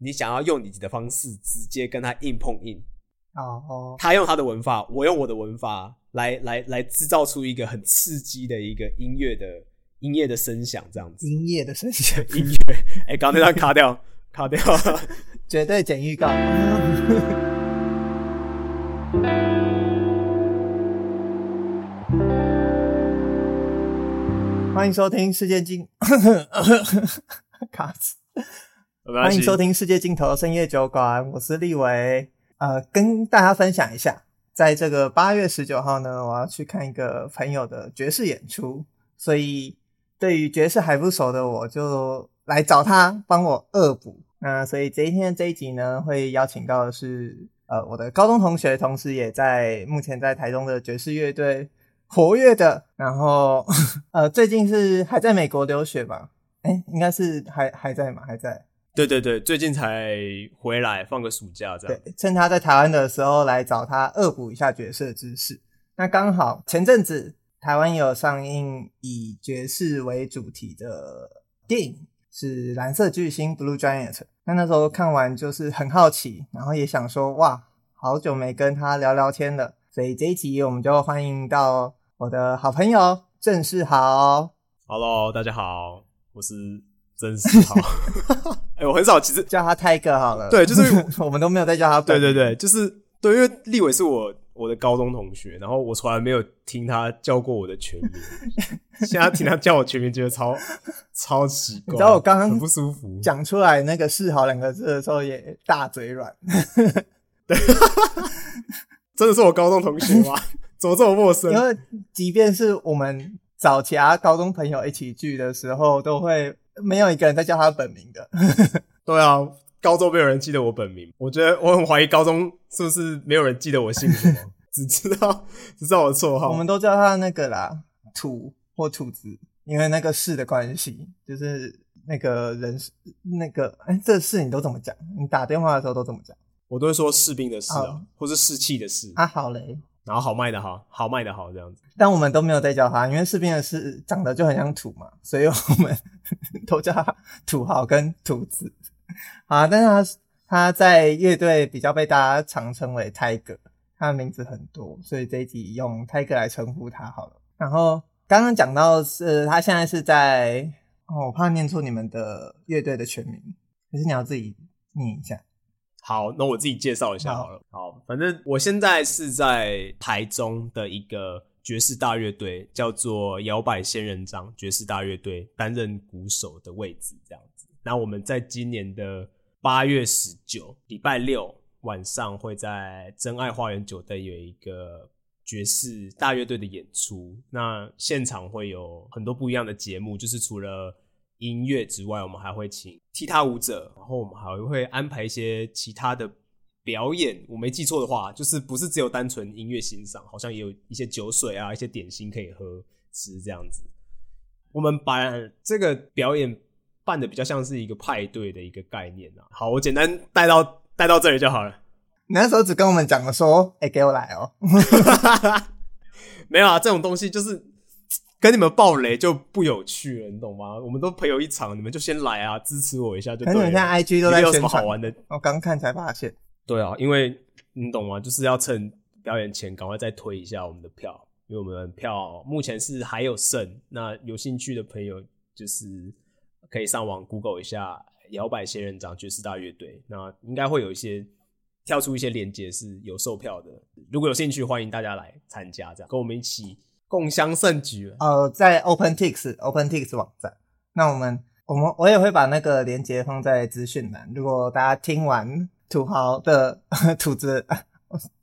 你想要用你的方式直接跟他硬碰硬哦，oh, oh. 他用他的文法，我用我的文法來來來制造出一個很刺激的一個音樂的音樂的聲響，這樣子。音樂的聲響， 音樂。哎、欸，剛才那張卡掉， 卡掉了， 絕對剪預告。 歡迎收聽世界金 歡迎收聽《世界盡頭的深夜酒館》，我是力瑋。呃，跟大家分享一下，在這個八月十九號呢，我要去看一個朋友的爵士演出，所以對於爵士還不熟的，我就來找他幫我惡補。那所以今天這一集呢，會邀請到的是呃我的高中同學，同時也在目前在台中的爵士樂隊活躍的，然後呵呵呃最近是還在美國留學吧？哎，應該是還還在嘛，還在。對對對，最近才回來放個暑假，這樣。對，趁他在台灣的時候來找他，惡補一下爵士知識。那剛好前陣子台灣有上映以爵士為主題的電影，是《藍色巨星》（Blue Giant）。那那時候看完就是很好奇，然後也想說哇，好久沒跟他聊聊天了。所以這一集我們就歡迎到我的好朋友鄭世豪。Hello，大家好，我是鄭世豪。 哎、欸，我很少，其實叫他泰 i 好了。對，就是我， 我們都沒有再叫他。對對對，就是對，因為立偉是我我的高中同學，然後我從來沒有聽他叫過我的全名， 現在聽他叫我全名，覺得超 超奇怪。然知我剛剛很不舒服，講出來那個示好」兩個字的時候也大嘴軟。 真的是我高中同學嗎？ 怎麼這麼陌生？因為即便是我們找其他高中朋友一起聚的時候，都會。沒有一個人在叫他本名的， 對啊，高中沒有人記得我本名，我覺得我很懷疑高中是不是沒有人記得我姓名， 只知道只知道我的綽號。我們都叫他那個啦，土或土子，因為那個士的關係，就是那個人那個哎、欸，這事你都怎麼講？你打電話的時候都怎麼講？我都會說士兵的士啊，oh, 或是士氣的士。啊，好嘞。然後好賣的哈，好賣的好這樣子，但我們都沒有在叫他，因為士兵的士長得就很像土嘛，所以我們呵呵都叫他土豪跟土子。好啊，但是他他在樂隊比較被大家常稱為 Tiger，他的名字很多，所以這一集用 Tiger 來稱呼他好了。然後剛剛講到是、呃，他現在是在，哦，我怕念錯你們的樂隊的全名，可是你要自己念一下。好，那我自己介紹一下好了好。好，反正我現在是在台中的一個爵士大樂隊，叫做搖擺仙人掌爵士大樂隊，擔任鼓手的位置這樣子。那我們在今年的八月十九，禮拜六晚上，會在臻愛花園酒店有一個爵士大樂隊的演出。那現場會有很多不一樣的節目，就是除了音樂之外，我們還會請踢踏舞者，然後我們還會安排一些其他的表演。我沒記錯的話，就是不是只有單純音樂欣賞，好像也有一些酒水啊、一些點心可以喝吃這樣子。我們把這個表演辦的比較像是一個派對的一個概念啊。好，我簡單帶到帶到這裡就好了。你那時候只跟我們講了說：“哎、欸，給我來哦。 ” 沒有啊，這種東西就是。跟你們爆雷就不有趣了，你懂嗎？我們都朋友一場，你們就先來啊，支持我一下就對了。可能現在 IG 都在有什麼好玩的？我剛看才發現。對啊，因為你懂嗎？就是要趁表演前趕快再推一下我們的票，因為我們票目前是還有剩。那有興趣的朋友就是可以上網 Google 一下“搖擺仙人掌爵士大樂隊”，那應該會有一些跳出一些鏈接是有售票的。如果有興趣，歡迎大家來參加，這樣跟我們一起共襄盛舉。呃，在 OpenTix OpenTix 網站，那我們我們我也會把那個連結放在資訊欄。如果大家聽完土豪的吐字，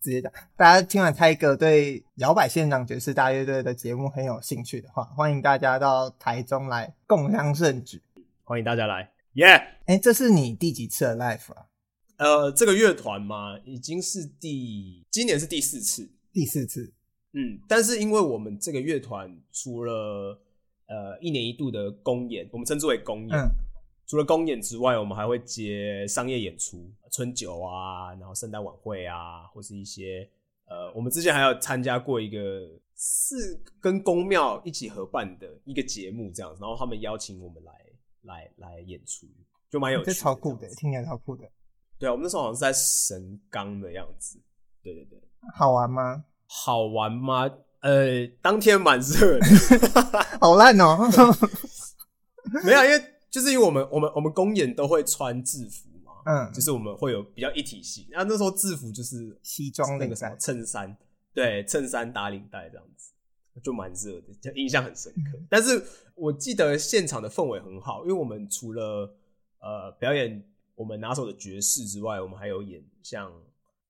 直接講，大家聽完 Tiger 對搖擺仙人掌爵士大樂隊的節目很有興趣的話，歡迎大家到台中來共襄盛舉。歡迎大家來，耶！哎，這是你第幾次的 live 啊？呃，這個樂團嘛，已經是第今年是第四次，第四次。嗯，但是因為我們這個樂團除了呃一年一度的公演，我們稱之為公演，嗯，除了公演之外，我們還會接商業演出，春酒啊，然後聖誕晚會啊，或是一些呃，我們之前還有參加過一個是跟宮廟一起合辦的一個節目這樣子，然後他們邀請我們來來來演出，就蠻有趣的這，這超酷的。聽起來超酷的。對，我們那時候好像是在神岡的樣子，對對對，好玩嗎？好玩嗎？呃，當天蠻熱的， 好爛爛哦、喔 嗯。沒有，因為就是因為我們我們我們公演都會穿制服嘛，嗯，就是我們會有比較一體性。那、啊、那時候制服就是西裝那個什麼襯衫，對，襯衫打領帶這樣子，就蠻熱的，就印象很深刻、嗯。但是我記得現場的氛圍很好，因為我們除了呃表演我們拿手的爵士之外，我們還有演像《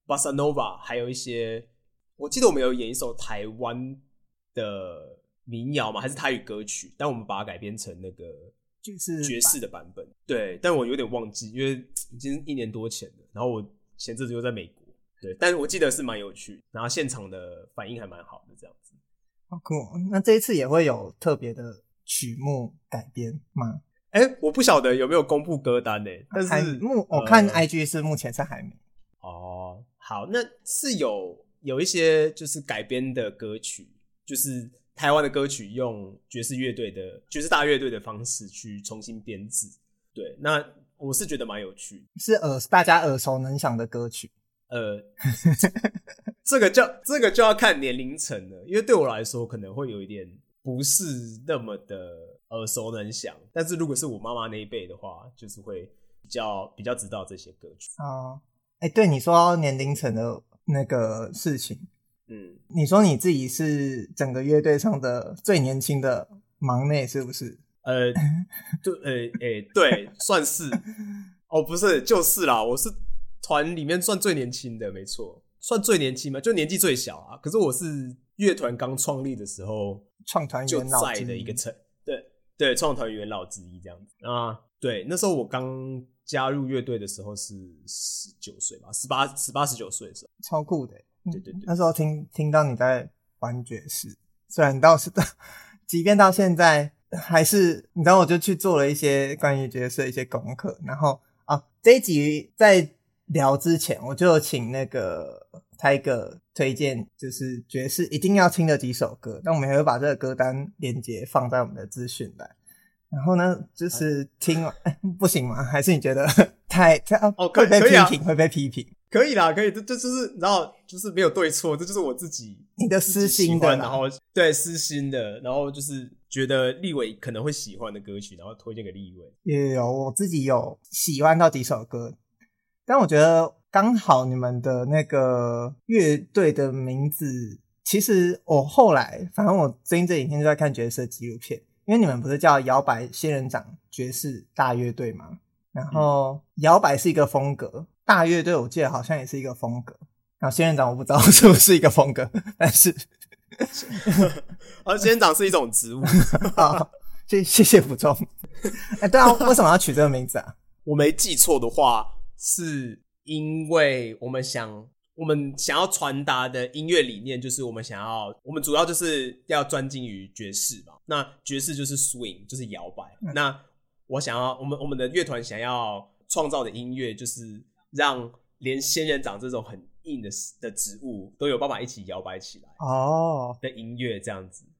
Bossa Nova》，還有一些。我記得我們有演一首台灣的民謠嘛，還是台語歌曲？但我們把它改編成那個就是爵士的版本。對，但我有點忘記，因為已經一年多前了。然後我前陣子又在美國。對，但是我記得是蠻有趣，然後現場的反應還蠻好的，這樣子。好酷！那這一次也會有特別的曲目改編嗎？哎、欸，我不曉得有沒有公布歌單誒、欸，但是目我看 IG 是、呃、目前是還沒。哦，好，那是有。有一些就是改編的歌曲，就是台灣的歌曲，用爵士樂隊的爵士大樂隊的方式去重新編制。對，那我是覺得蠻有趣，是耳大家耳熟能詳的歌曲。呃， 這個就這個就要看年齡層了，因為對我來說可能會有一點不是那麼的耳熟能詳，但是如果是我媽媽那一輩的話，就是會比較比較知道這些歌曲。哦哎、欸，對你說年齡層的。那個事情，嗯，你說你自己是整個樂隊上的最年輕的忙內是不是？呃，對，呃、欸，哎、欸，對， 算是，哦，不是，就是啦，我是團裡面算最年輕的，沒錯，算最年輕嘛，就年紀最小啊。可是我是樂團剛創立的時候，創團就在的一個成，對對，創團元老之一這樣子啊，對，那時候我剛。加入樂隊的時候是十九歲吧，十八十八十九歲的時候，超酷的，對對對。嗯、那時候聽聽到你在玩爵士，雖然你到是的，即便到現在還是，你知道我就去做了一些關於爵士的一些功課。然後啊，這一集在聊之前，我就有請那個 Tiger 推薦，就是爵士一定要聽的幾首歌。那我們也會把這個歌單鏈接放在我們的資訊欄。然後呢，就是聽不行嗎？還是你覺得太太哦，可以可以，啊，會被批評會被批評，可以啦，可以，這這就是然後就是沒有對錯，這就是我自己你的私心的，然後對私心的，然後就是覺得力瑋可能會喜歡的歌曲，然後推薦給力瑋也有我自己有喜歡到幾首歌，但我覺得剛好你們的那個樂隊的名字，其實我後來反正我最近這幾天就在看爵士紀錄片。因為你們不是叫搖擺仙人掌爵士大樂隊嗎？然後搖擺是一個風格，大樂隊我記得好像也是一個風格。然後仙人掌我不知道是不是一個風格，但是而、 啊、仙人掌是一種植物 謝謝謝補充。哎、 欸，對啊，為什麼要取這個名字啊？我沒記錯的話，是因為我們想。我們想要傳達的音樂理念就是，我們想要，我們主要就是要專精於爵士嘛。那爵士就是 swing，就是搖擺。嗯、那我想要，我們我們的樂團想要創造的音樂，就是讓連仙人掌這種很硬的的植物都有辦法一起搖擺起來哦的音樂，這樣子、哦、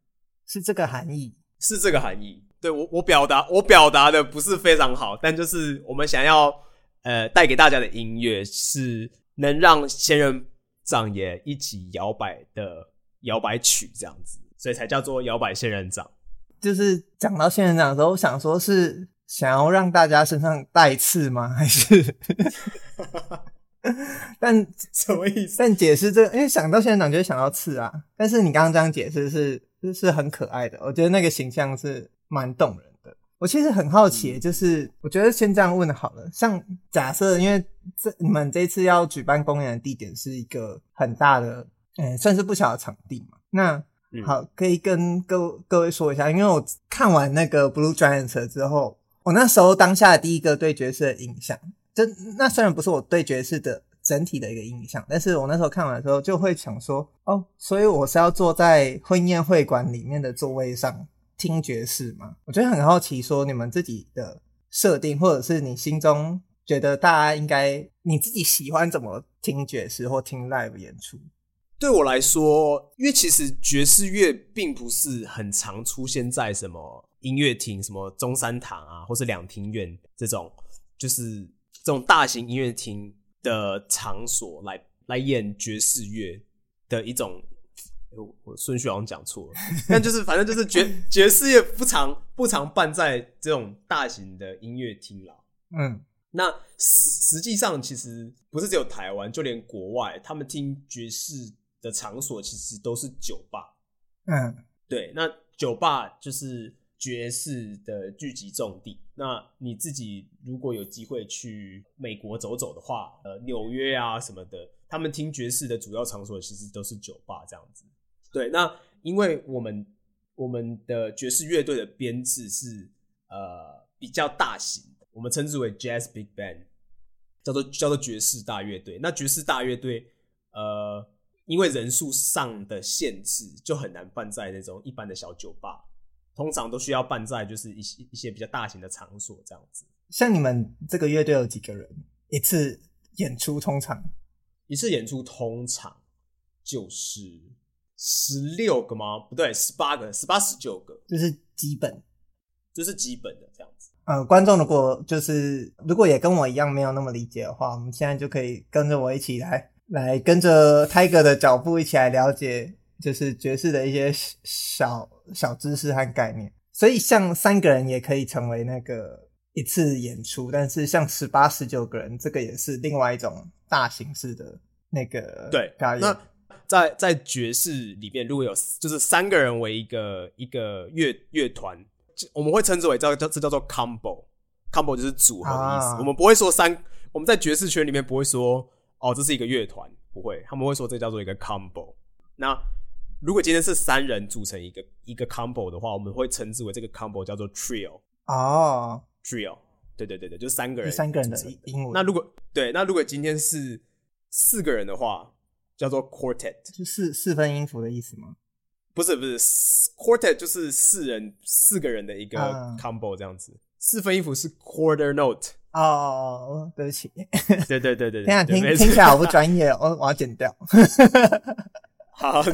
是這個含義，是這個含義。對我，我表達我表達的不是非常好，但就是我們想要呃帶給大家的音樂是。能讓仙人掌也一起搖擺的搖擺曲這樣子，所以才叫做搖擺仙人掌。就是講到仙人掌的時候，我想說是想要讓大家身上帶刺嗎？還是？ 但什麼意思？但解釋這個，因為想到仙人掌就會想到刺啊。但是你剛剛這樣解釋是，就是很可愛的，我覺得那個形象是蠻動人的。我其實很好奇，就是、嗯、我覺得先這樣問好了。像假設，因為這你們這一次要舉辦公演的地點是一個很大的，哎、嗯，算是不小的場地嘛。那、嗯、好，可以跟各各位說一下，因為我看完那個《Blue Giant》之後，我那時候當下的第一個對爵士的印象，就那雖然不是我對爵士的整體的一個印象，但是我那時候看完的時候就會想說，哦，所以我是要坐在婚宴會館裡面的座位上。聽爵士嗎？我覺得很好奇，說你們自己的設定，或者是你心中覺得大家應該，你自己喜歡怎麼聽爵士或聽 live 演出？對我來說，因為其實爵士樂並不是很常出現在什麼音樂廳、什麼中山堂啊，或是兩廳院這種，就是這種大型音樂廳的場所來來演爵士樂的一種。我順序好像講錯了，但就是反正就是爵, 爵士樂不常不常辦在這種大型的音樂廳啦。嗯，那實實際上其實不是只有台灣，就連國外，他們聽爵士的場所其實都是酒吧。嗯，對，那酒吧就是爵士的聚集重地。那你自己如果有機會去美國走走的話，呃，紐約啊什麼的，他們聽爵士的主要場所其實都是酒吧這樣子。對，那因為我們我們的爵士樂隊的編制是呃比較大型的，我們稱之為 Jazz Big Band，叫做叫做爵士大樂隊。那爵士大樂隊呃，因為人數上的限制，就很難辦在那種一般的小酒吧，通常都需要辦在就是一些一些比較大型的場所這樣子。像你們這個樂隊有幾個人？一次演出通常一次演出通常就是。十六個嗎？不對，十八個，十八十九個，就是基本，就是基本的這樣子。呃、嗯，觀眾如果就是如果也跟我一樣沒有那麼理解的話，我們現在就可以跟着我一起來，來跟着 Tiger 的腳步一起來了解，就是爵士的一些小小知識和概念。所以，像三個人也可以成為那個一次演出，但是像十八十九個人，這個也是另外一種大形式的那個對表演。在在爵士裡面，如果有就是三個人為一個一個樂樂團，我們會稱之為叫叫這叫做 combo，combo combo 就是組合的意思。Oh. 我們不會說三，我們在爵士圈裡面不會說哦，這是一個樂團，不會，他們會說這叫做一個 combo。那如果今天是三人組成一個一個 combo 的話，我們會稱之為這個 combo 叫做 trio 啊，Oh. trio，對對對對，就是三個人的，三個人的，嗯，那如果對，那如果今天是四個人的話，叫做 quartet。就是四四分音符的意思嗎？不是不是，quartet 就是四人四個人的一個 combo 這樣子。Uh, 四分音符是 quarter note。哦、oh，對不起，對對對對對，對，聽，沒事，聽起來好不專業，我 我要剪掉。好， 好沒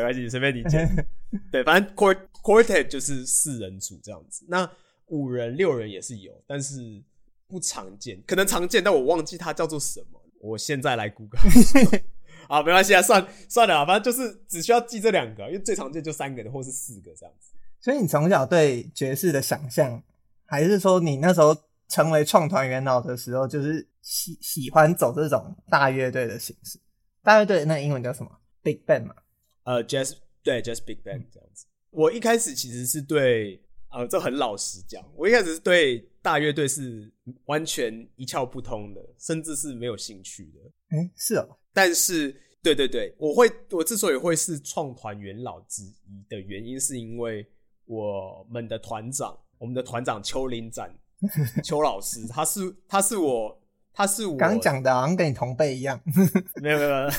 關係，隨便你剪。 對，反正 quart quartet 就是四人組這樣子。那五人、六人也是有，但是不常見，可能常見，但我忘記它叫做什麼。我現在來 Google 啊，沒關係啊，算算了，反正就是只需要記這兩個，因為最常見就三個的，或是四個這樣子。所以你從小對爵士的想象還是說你那時候成為創團元老的時候，就是喜喜歡走這種大樂隊的形式？大樂隊那個英文叫什麼？Big Band 嘛？呃、uh, Jazz 對 Jazz Big Band 這樣子、嗯。我一開始其實是對，呃，這很老實講，我一開始是對，大樂隊是完全一竅不通的，甚至是沒有興趣的。哎、欸，是哦。但是，對對對，我會，我之所以會是創團元老之一的原因，是因為我們的團長，我們的團長邱林展 邱老師，他是，他是我，他是我剛講的，好像跟你同輩一樣。 沒有沒有沒有，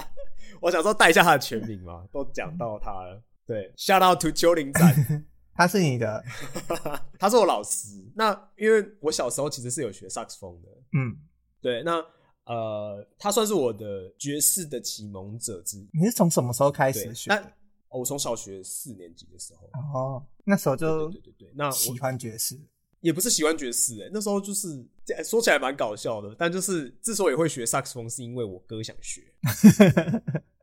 我想說帶一下他的全名嘛，都講到他了。對，Shout out to 邱林展。 他是你的， 他是我老師。那因為我小時候其實是有學薩克斯風的。嗯，對。那呃，他算是我的爵士的啟蒙者之一。你是從什麼時候開始學的？那我從小學四年級的時候。哦，那時候就對對對，對，對。那我喜歡爵士，也不是喜歡爵士、欸。哎，那時候就是說起來蠻搞笑的，但就是之所以會學薩克斯風，是因為我哥想學。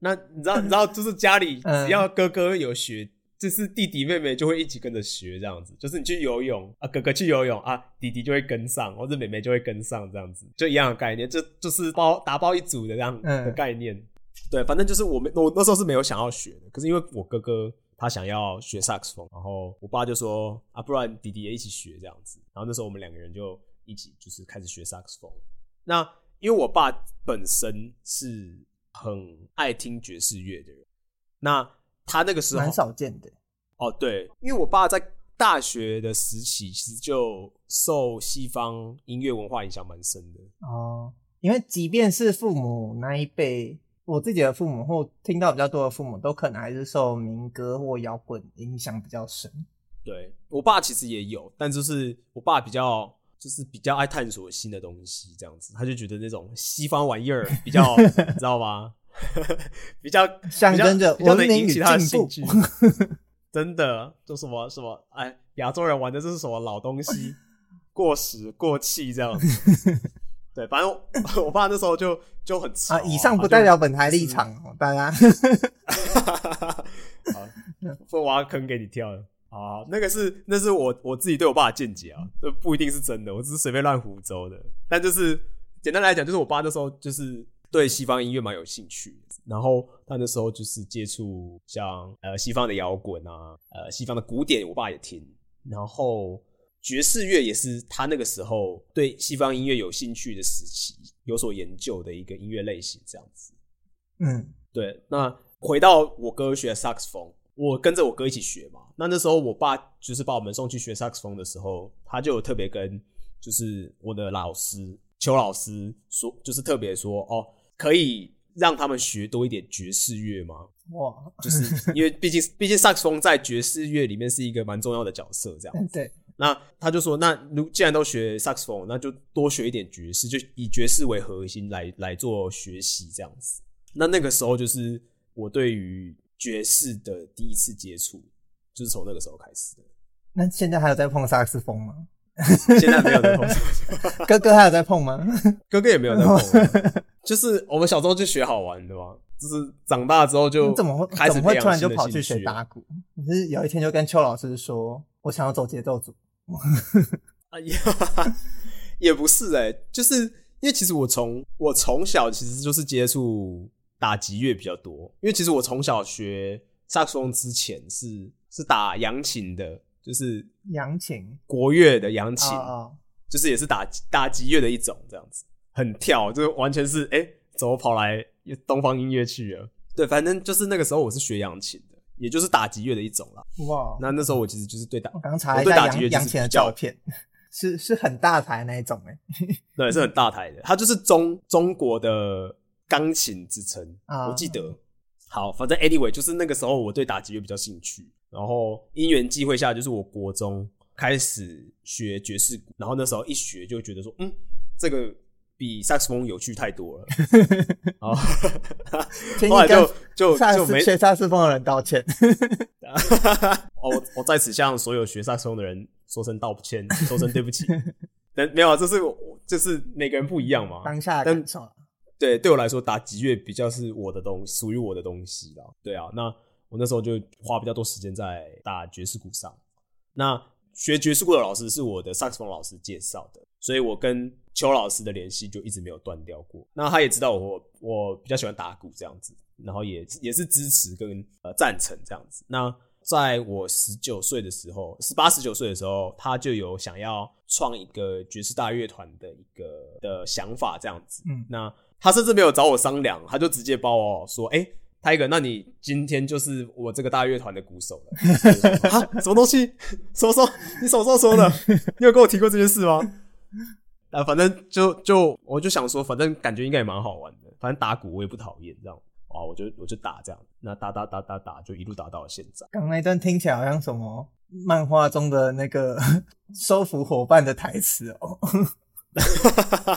那你知道，你知道，就是家裡只要哥哥有學。 嗯就是弟弟妹妹就會一起跟着學，這樣子。就是你去游泳啊，哥哥去游泳啊，弟弟就會跟上，或者妹妹就會跟上，這樣子就一樣的概念。這就，就是包打包一組的這樣的概念。嗯、對，反正就是我們，我那時候是沒有想要學的，可是因為我哥哥他想要學薩克斯風，然後我爸就說啊，不然弟弟也一起學這樣子。然後那時候我們兩個人就一起就是開始學薩克斯風。那因為我爸本身是很愛聽爵士樂的人，那。他那個時候蠻少見的哦，對，因為我爸在大學的時期其實就受西方音樂文化影響蠻深的哦，因為即便是父母那一輩，我自己的父母或聽到比較多的父母，都可能還是受民歌或搖滾影響比較深。對，我爸其實也有，但就是我爸比較就是比較愛探索新的東西，這樣子，他就覺得那種西方玩意兒比較， 你知道嗎？ 比較象徵着文明與進步， 真的，就什麼什麼哎，亞洲人玩的這是什麼老東西， 過時過氣這樣子。對，反正我，我爸那時候就就很啊，啊。以上不代表本台立場，啊、大家。 好，不挖坑給你跳了好啊。那個是那是我我自己對我爸的見解啊、嗯，這不一定是真的，我只是隨便亂胡謅的。但就是簡單來講，就是我爸那時候就是。對西方音樂蠻有興趣，然後他那時候就是接觸像呃西方的搖滾啊，呃西方的古典，我爸也聽，然後爵士樂也是他那個時候對西方音樂有興趣的時期，有所研究的一個音樂類型這樣子。嗯，對。那回到我哥學薩克斯風，我跟着我哥一起學嘛。那那時候我爸就是把我們送去學薩克斯風的時候，他就有特別跟就是我的老師邱老師說，就是特別說哦，可以讓他們學多一點爵士樂嗎？哇、wow. 就是因為畢竟畢竟薩克斯風在爵士樂裡面是一個蠻重要的角色，這樣子 對。那他就說，那如既然都學薩克斯風，那就多學一點爵士，就以爵士為核心來來做學習這樣子。那那個時候就是我對於爵士的第一次接觸，就是從那個時候開始的。那現在還有在碰薩克斯風嗎？現在沒有在碰， 哥哥還有在碰嗎？ 哥哥也沒有在碰， 就是我們小時候就學好玩，對吧？就是長大之後就怎麼會開始怎麼會突然就跑去學打鼓？你是有一天就跟邱老師說我想要走節奏組、 哎，也不是哎、欸，就是因為其實我從我從小其實就是接觸打擊樂比較多，因為其實我從小學薩克斯風之前是是打揚琴的。就是揚琴，國樂的揚琴，就是也是打打擊樂的一種，這樣子很跳，就完全是哎，怎、欸、麼跑來東方音樂去了？對，反正就是那個時候我是學揚琴的，也就是打擊樂的一種啦。哇，那那時候我其實就是對打，我剛查一下揚、哦、琴的照片，是是很大台的那一種哎、欸， 對，是很大台的，它就是中中國的鋼琴之稱啊、哦。我記得好，反正 anyway，就是那個時候我對打擊樂比較興趣。然後因緣際會下，就是我國中開始學爵士鼓，然後那時候一學就覺得說，嗯，這個比薩克斯風有趣太多了。哦 然後， 後來就就就沒學薩就，斯風的人道歉。就，就 我我在此向所有學薩克斯風的人說聲道歉，說聲對不起。就， 沒有、啊，就是我就是每個人不一樣嘛。當下的感受對，對我來說打擊樂比較是我的東西，屬於我的東西了。對啊，那。我那時候就花比較多時間在打爵士鼓上。那學爵士鼓的老師是我的 Saxophone 老師介紹的，所以我跟邱老師的聯繫就一直沒有斷掉過。那他也知道我我比較喜歡打鼓這樣子，然後也也是支持跟呃贊成這樣子。那在我十九歲的時候，十八十九歲的時候，他就有想要創一個爵士大樂團的一個的想法這樣子。嗯，那他甚至沒有找我商量，他就直接幫我說：“哎、欸。” Tiger，那你今天就是我這個大樂團的鼓手了。啊， 什麼東西？什麼時候？你什麼時候說的？你有跟我提過這件事嗎？啊，反正就就我就想說，反正感覺應該也蠻好玩的。反正打鼓我也不討厭這樣，啊，我就我就打這樣。那打，打打打打打，就一路打到了現在。剛那一段聽起來好像什麼漫畫中的那個收服夥伴的台詞哦。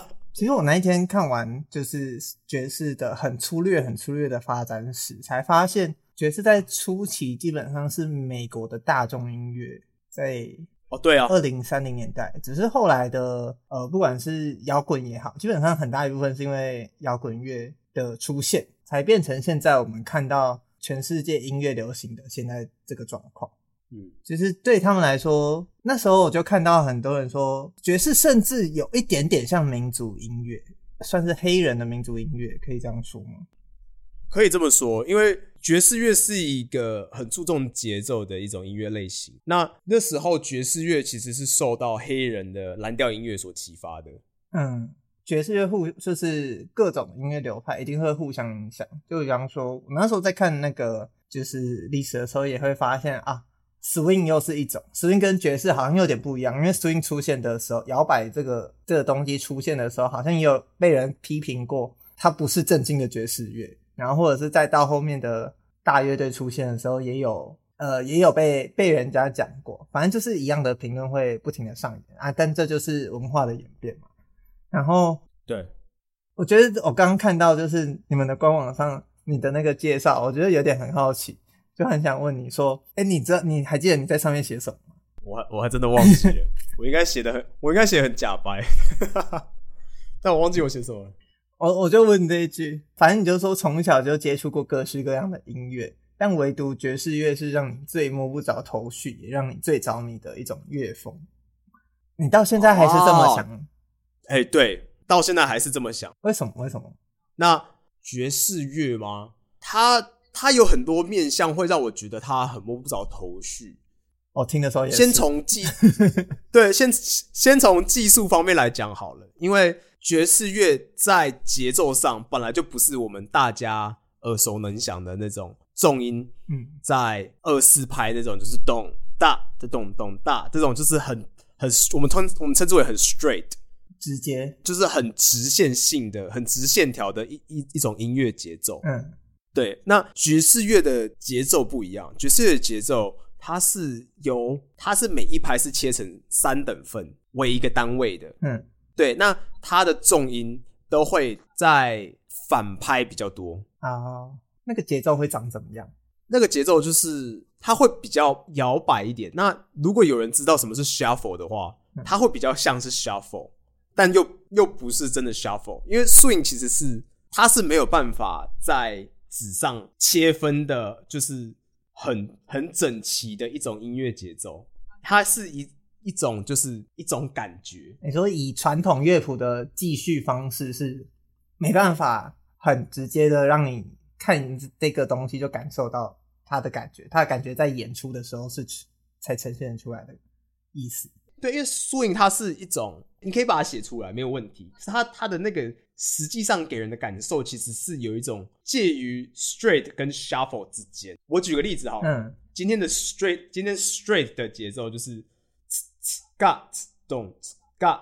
其實我那一天看完就是爵士的很粗略、很粗略的發展史，才發現爵士在初期基本上是美國的大眾音樂，在2030哦，對啊，二零三零年代，只是後來的呃，不管是搖滾也好，基本上很大一部分是因為搖滾樂的出現，才變成現在我們看到全世界音樂流行的現在這個狀況。嗯，其實對他們來說，那時候我就看到很多人說爵士甚至有一點點像民族音樂，算是黑人的民族音樂，可以這樣說嗎？可以這麼說，因為爵士樂是一個很注重節奏的一種音樂類型。那那時候爵士樂其實是受到黑人的藍調音樂所啟發的。嗯，爵士樂互就是各種音樂流派一定會互相影響。就比方說，我那時候在看那個就是歷史的時候，也會發現啊。swing 又是一種，swing 跟爵士好像有點不一樣，因為 swing 出現的時候，搖擺這個這個東西出現的時候，好像也有被人批評過，它不是正經的爵士樂。然後，或者是再到後面的大樂隊出現的時候，也有呃，也有被被人家講過。反正就是一樣的評論會不停的上演啊。但這就是文化的演變嘛。然後，對，我覺得我剛剛看到就是你們的官網上你的那個介紹，我覺得有點很好奇。就很想問你說，哎、欸，你這你還記得你在上面寫什麼嗎？我我還真的忘記了， 我應該寫的很，我應該寫得很假掰， 但我忘記我寫什麼了。我我就問你這一句，反正你就說從小就接觸過各式各樣的音樂，但唯獨爵士樂是讓你最摸不着頭緒，也讓你最着迷的一種樂風。你到現在還是這麼想？哎、啊欸，對，到現在還是這麼想。為什麼？為什麼？那爵士樂嗎？它。他有很多面向，會讓我覺得他很摸不着頭緒。哦，聽得稍微先從技 對，先先從技術方面來講好了。因為爵士樂在節奏上本來就不是我們大家耳熟能詳的那種重音。嗯，在二四拍那種就是咚大，這咚咚大這種就是很很我們稱我們稱之為很 straight 直接，就是很直線性的、很直線條的一一一種音樂節奏。嗯。對，那爵士樂的節奏不一樣。爵士樂的節奏，它是由它是每一拍是切成三等份為一個單位的。嗯，對，那它的重音都會在反拍比較多。哦，那個節奏會長怎麼樣？那個節奏就是它會比較搖擺一點。那如果有人知道什麼是 shuffle 的話，它會比較像是 shuffle，但又又不是真的 shuffle，因為 n 影，其實是它是沒有辦法在。紙上切分的就是很很整齊的一種音樂節奏，它是一一種就是一種感覺。你說以傳統樂譜的記敘方式是沒辦法很直接的讓你看這個東西就感受到它的感覺，它的感覺在演出的時候是才呈現出來的意思。對，因為 Swing 它是一種你可以把它寫出來沒有問題，可是它它的那個。實際上給人的感受其實是有一種介於 straight 跟 shuffle 之間。我舉個例子哈，嗯，今天的 straight，今天 straight 的節奏就是、嗯、got don't got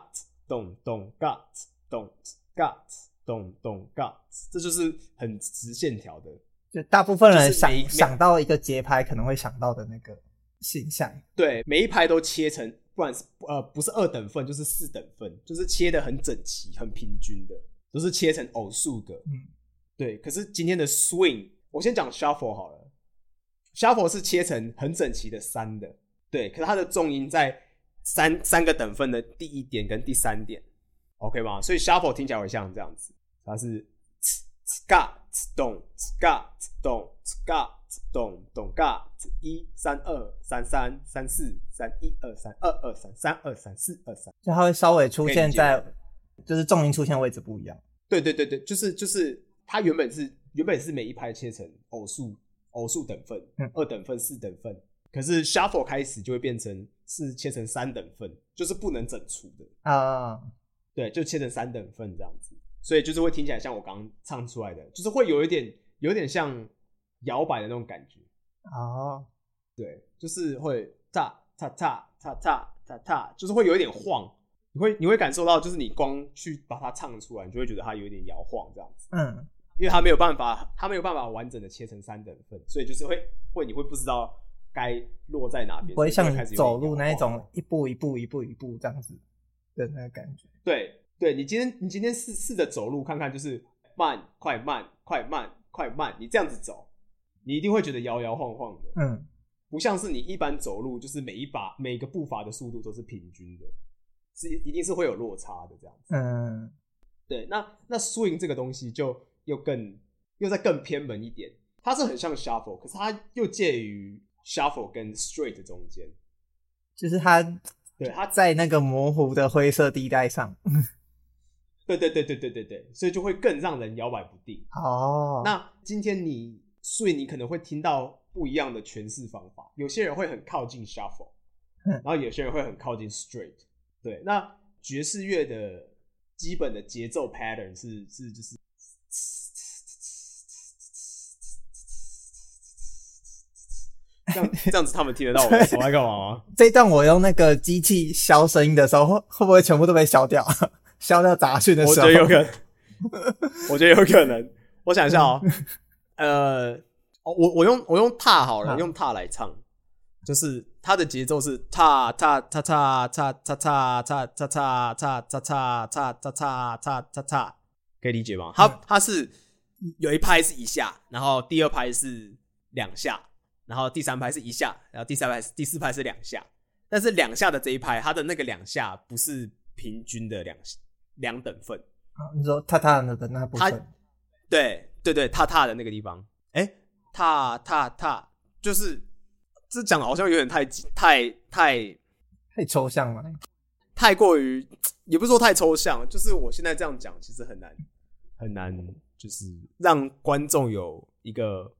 don't got don't got don't got don't got，這就是很直線條的，就大部分人想、就是、想到一個節拍可能會想到的那個形象。對，每一拍都切成，不然是呃不是二等分，就是四等分，就是切得很整齊、很平均的。都是切成偶數個，嗯，對。可是今天的 swing，我先講 shuffle 好了。shuffle 是切成很整齊的三的，對。可是它的重音在三三個等分的第一點跟第三點，OK 嗎？所以 shuffle 聽起來會像這樣子，它是，呲呲嘎，呲咚，呲嘎，呲咚，呲嘎，呲咚，咚嘎，一三二三三三四三一二三二二三三二三四二三，就它會稍微出現在。就是重音出現的位置不一樣。對對對對，就是就是它原本是原本是每一拍切成偶數偶數等分，嗯，二等分、四等分，可是 shuffle 開始就會變成是切成三等分，就是不能整除的啊、哦。對，就切成三等分這樣子，所以就是會聽起來像我剛剛唱出來的，就是會有一點有一點像搖擺的那種感覺啊、哦。對，就是會踏踏踏踏踏踏踏，就是會有一點晃。你會你會感受到，就是你光去把它唱出來，你就會覺得它有點搖晃這樣子。嗯，因為它沒有辦法，它沒有辦法完整的切成三等份，所以就是會會你會不知道該落在哪邊。不會像你走路那一種一步一步一步一步這樣子的那個感覺。對對，你今天你今天試試着走路看看，就是慢快慢快慢快慢，你這樣子走，你一定會覺得搖搖晃晃的。嗯，不像是你一般走路，就是每一把每個步伐的速度都是平均的。是，一定是會有落差的這樣子。嗯，對，那那 swing 這個東西就更又更又在更偏門一點，它是很像 shuffle，可是它又介於 shuffle 跟 straight 的中間，就是它對它在那個模糊的灰色地帶上。 對對對對對對對，所以就會更讓人搖擺不定。哦，那今天你 swing，你可能會聽到不一樣的詮釋方法。有些人會很靠近 shuffle，、嗯、然後有些人會很靠近 straight。對，那爵士樂的基本的節奏 pattern 是是就是，這樣這樣子他們聽得到我 我在幹嘛嗎？這一段我用那個機器消聲音的時候，會會不會全部都被消掉？消掉雜訊的時候，我覺得有可能。 我覺得有可能。 我想一下哦、喔， 呃，我我用我用踏好了，好，用踏來唱。就是他的節奏是踏踏踏踏踏踏踏踏踏踏踏踏踏踏踏踏，可以理解嗎？他他是有一拍是一下，然後第二拍是兩下，然後第三拍是一下，然後第三拍，第四拍是兩下。但是兩下的這一拍，他的那個兩下不是平均的兩兩等份。你說踏踏的那部分。對對對，踏踏的那個地方，哎，踏踏踏就是。這講的好像有點太、太、太、太抽象了，太過於，也不是說太抽象，就是我現在這樣講，其實很難，很難，就是讓觀眾有一個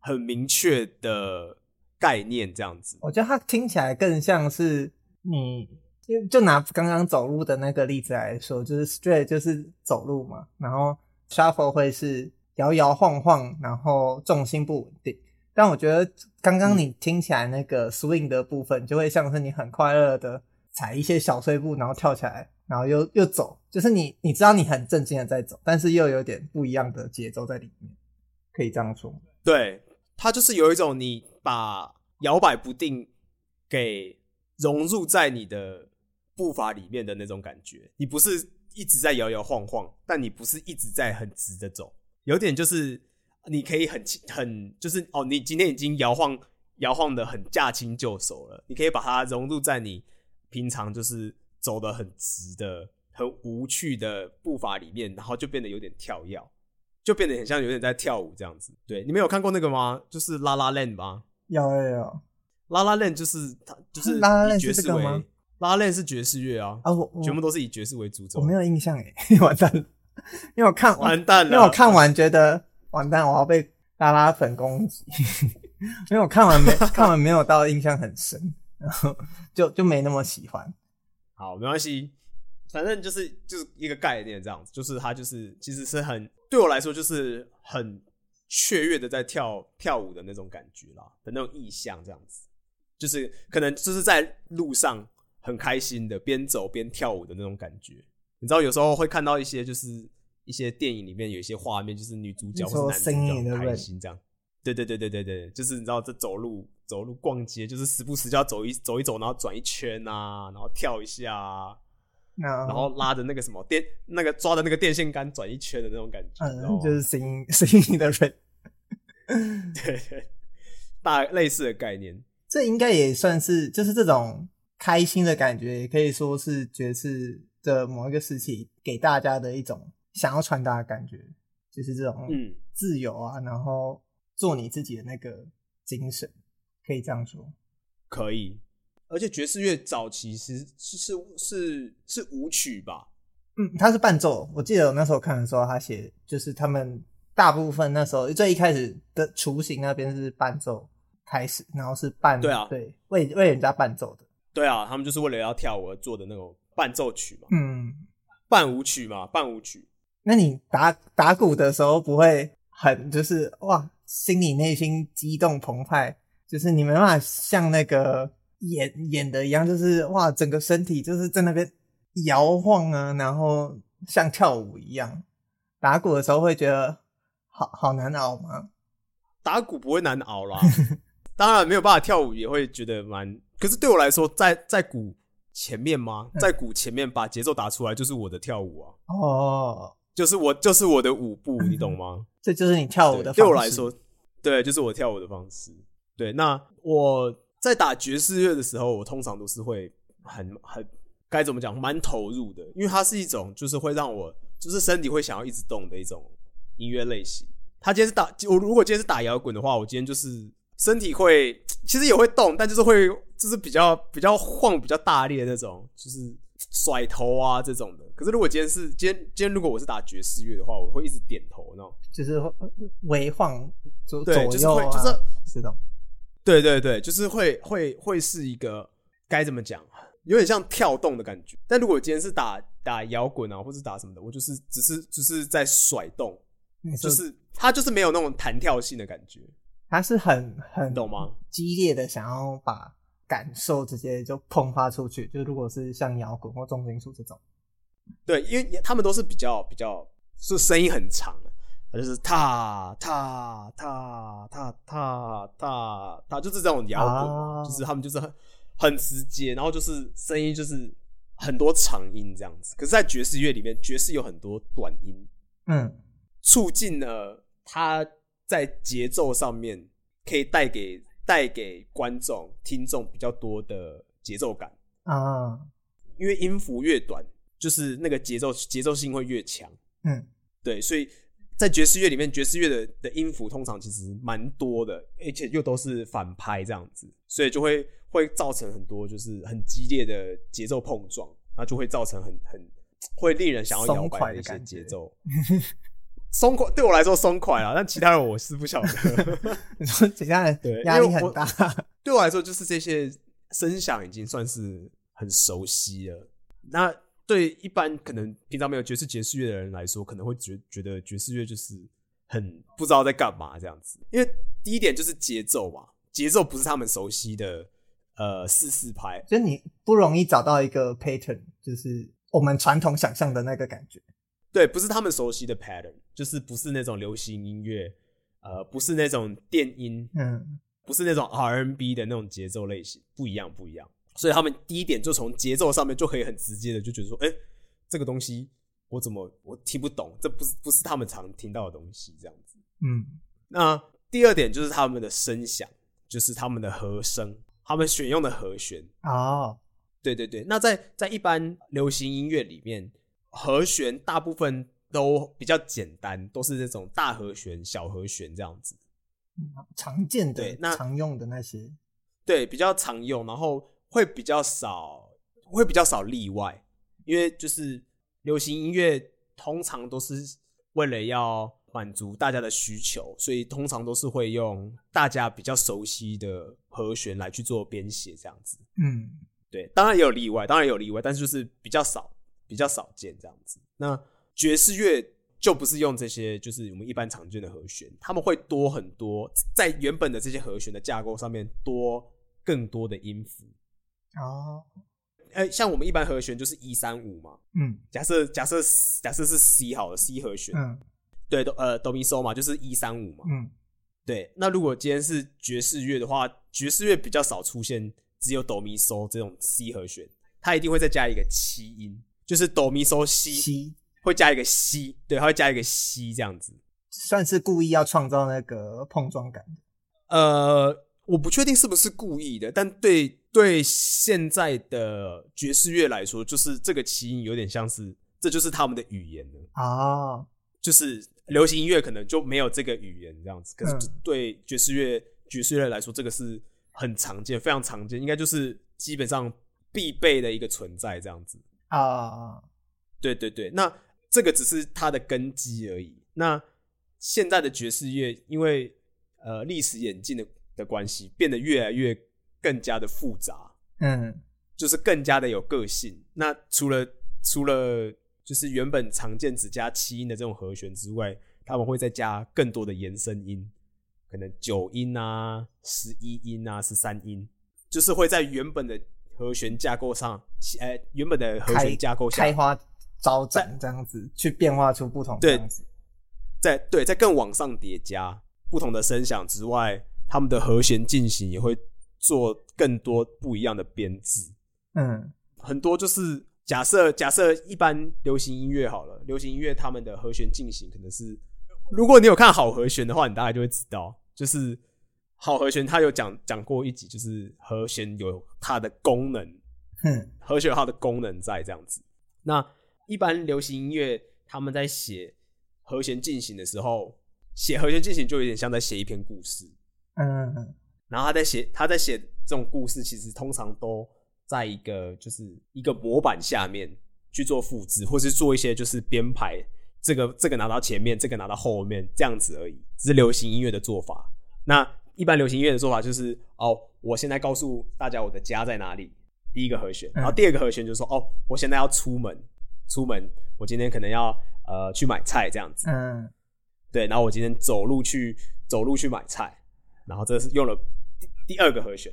很明確的概念，這樣子。我覺得它聽起來更像是你，就就拿剛剛走路的那個例子來說，就是 straight 就是走路嘛，然後 shuffle 會是搖搖晃晃，然後重心不穩定。但我覺得，剛剛你聽起來那個 swing 的部分，就會像是你很快樂的踩一些小碎步，然後跳起來，然後又又走，就是你你知道你很正經的在走，但是又有點不一樣的節奏在裡面，可以這樣說？對，它就是有一種你把搖擺不定給融入在你的步伐裡面的那種感覺，你不是一直在搖搖晃晃，但你不是一直在很直的走，有點就是。你可以很很就是哦，你今天已經搖晃搖晃的很駕輕就熟了。你可以把它融入在你平常就是走的很直的很無趣的步伐裡面，然後就變得有點跳躍，就變得很像有點在跳舞這樣子。對，你沒有看過那個嗎？就是 La La Land 嗎？有有，La La Land 就是他，就是 La La Land 爵士啦啦啦啦啦嗎？La La Land 是爵士樂啊啊！全部都是以爵士為主軸，我沒有印象哎，你完蛋了，因為我看完蛋了，因為我看完覺得。完蛋，我要被拉拉粉攻擊！ 因為我看完沒 看完沒有到印象很深，然後就就沒那麼喜歡。好，沒關係，反正就是就是一個概念這樣子，就是他就是其實是很對我來說就是很雀躍的在跳跳舞的那種感覺啦，的那種意象這樣子，就是可能就是在路上很開心的邊走邊跳舞的那種感覺。你知道有時候會看到一些就是。一些電影裡面有一些畫面，就是女主角或男主角，right? 開心這樣。對對對對對對，就是你知道這走路走路逛街，就是時不時就要走一走一走，然後轉一圈啊，然後跳一下，啊，no. 然後拉着那個什麼電那個抓着那個電線桿轉一圈的那種感覺，uh, 就是 Singin' Singin' in the Rain。對對，大類似的概念。 這應該也算是，就是這種開心的感覺，也可以說是爵士的某一個時期給大家的一種。想要傳達的感覺就是這種嗯自由啊，嗯，然後做你自己的那個精神，可以這樣說，可以。而且爵士樂早期是是是是舞曲吧？嗯，它是伴奏。我記得我那時候看的時候他，他寫就是他們大部分那時候最一開始的雛形那邊是伴奏開始，然後是伴對啊，對，為為人家伴奏的。對啊，他們就是為了要跳舞而做的那種伴奏曲嘛，嗯，伴舞曲嘛，伴舞曲。那你打打鼓的時候不會很就是哇，心裡內心激動澎湃，就是你沒辦法像那個演演的一樣，就是哇，整個身體就是在那邊搖晃啊，然後像跳舞一樣。打鼓的時候會覺得好好難熬嗎？打鼓不會難熬啦， 當然沒有辦法跳舞也會覺得蠻。可是對我來說，在在鼓前面嗎？在鼓前面把節奏打出來就是我的跳舞啊。哦、嗯。Oh. 就是我，就是我的舞步，你懂嗎？這就是你跳舞的方式。對，對我來說，對，就是我跳舞的方式。對，那我在打爵士樂的時候，我通常都是會很很該怎麼講蠻投入的，因為它是一種就是會讓我就是身體會想要一直動的一種音樂類型。他今天是打，我如果今天是打搖滾的話，我今天就是身體會其實也會動，但就是會就是比較比較晃、比較大力的那種，就是。甩頭啊，這種的。可是如果今天是今天，今天如果我是打爵士樂的話，我會一直點頭那種，就是微晃就左右啊，對，就是會，就是的、啊，對對對，就是會會會是一個該怎麼講，有點像跳動的感覺。但如果今天是打打搖滾啊，或是打什麼的，我就是只是只是在甩動，欸、就，就是他就是沒有那種彈跳性的感覺，他是很很懂嗎？激烈的想要把。感受直接就迸發出去，就如果是像搖滾或重金屬這種，對，因為他們都是比較比較是聲音很長的，就是踏踏踏踏踏踏踏，就是這種搖滾，啊，就是他們就是很很直接，然後就是聲音就是很多長音這樣子。可是，在爵士樂裡面，爵士有很多短音，嗯，促進了他在節奏上面可以帶給。帶給觀眾、聽眾比較多的節奏感啊，因為音符越短，就是那個節奏節奏性會越強。嗯，對，所以在爵士樂裡面，爵士樂的的音符通常其實蠻多的，而且又都是反拍這樣子，所以就會會造成很多就是很激烈的節奏碰撞，那就會造成很很會令人想要搖擺的一些節奏。 鬆快，對我來說鬆快啦，但其他人我是不曉得。 你說，其他人對壓力很大對。我 對我來說就是這些聲響已經算是很熟悉了。那對一般可能平常沒有爵士爵士樂的人來說，可能會覺得覺得爵士樂就是很不知道在幹嘛這樣子。因為第一點就是節奏嘛，節奏不是他們熟悉的呃四四拍，所以你不容易找到一個 pattern，就是我們傳統想象的那個感覺。對，不是他們熟悉的 pattern，就是不是那種流行音樂，呃，不是那種電音，嗯，不是那種 R&B 的那種節奏類型，不一樣，不一樣。所以他們第一點就從節奏上面就可以很直接的就覺得說，誒，這個東西我怎麼我聽不懂？這不是不是他們常聽到的東西？這樣子，嗯。那第二點就是他們的聲響，就是他們的和聲，他們選用的和弦。哦，對對對。那在在一般流行音樂裡面，和弦大部分都比較簡單，都是那種大和弦、小和弦這樣子，嗯、常見的、常用的那些，對，比較常用，然後會比較少，會比較少例外，因為就是流行音樂通常都是為了要滿足大家的需求，所以通常都是會用大家比較熟悉的和弦來去做編寫這樣子。嗯，對，當然也有例外，當然也有例外，但是就是比較少。比較少見這樣子，那爵士樂就不是用這些，就是我們一般常見的和弦，他們會多很多，在原本的這些和弦的架構上面多更多的音符哦。哎、Oh. 呃，像我們一般和弦就是一三五嘛，嗯，假設假設假設是 C 好了，C 和弦，嗯，對，哆呃哆咪嗦嘛，就是一三五嘛，嗯，對，那如果今天是爵士樂的話，爵士樂比較少出現只有哆咪嗦這種 C 和弦，它一定會再加一個七音。就是哆咪嗦西，會加一個西。對，它會加一個西，這樣子，算是故意要創造那個碰撞感。呃，我不確定是不是故意的，但對對，現在的爵士樂來說，就是這個起因有點像是，這就是他們的語言了啊、哦。就是流行音樂可能就沒有這個語言這樣子，可是對爵士樂、嗯、爵士樂來說，這個是很常見，非常常見，應該就是基本上必備的一個存在這樣子。啊、oh.，對對對，那這個只是它的根基而已。那現在的爵士樂，因為呃歷史演進的的關係，變得越來越更加的複雜，嗯，就是更加的有個性。那除了除了就是原本常見只加七音的這種和弦之外，他們會再加更多的延伸音，可能九音啊、十一音啊、十三音，就是會在原本的。和弦架構上，呃、欸，原本的和弦架構下開花招展這樣子，去變化出不同的，在對，在更往上疊加不同的聲響之外，他們的和弦進行也會做更多不一樣的編制。嗯，很多就是假設假設一般流行音樂好了，流行音樂他們的和弦進行可能是，如果你有看好和弦的話，你大概就會知道，就是。好和弦，他有講講過一集，就是和弦有它的功能，嗯、和弦有它的功能在這樣子。那一般流行音樂，他們在寫和弦進行的時候，寫和弦進行就有點像在寫一篇故事。嗯，然後他在寫，他在寫這種故事，其實通常都在一個就是一個模板下面去做複製，或是做一些就是編排，這個、這個拿到前面，這個拿到後面，這樣子而已，只是流行音樂的做法。那一般流行音樂的做法就是哦，我現在告訴大家我的家在哪裡。第一個和弦，然後第二個和弦就是說、嗯、哦，我現在要出門，出門，我今天可能要呃去買菜這樣子。嗯，對，然後我今天走路去走路去買菜，然後這是用了第第二個和弦，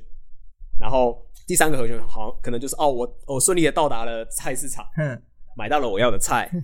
然後第三個和弦好像可能就是哦，我我順利的到達了菜市場，嗯，買到了我要的菜，嗯、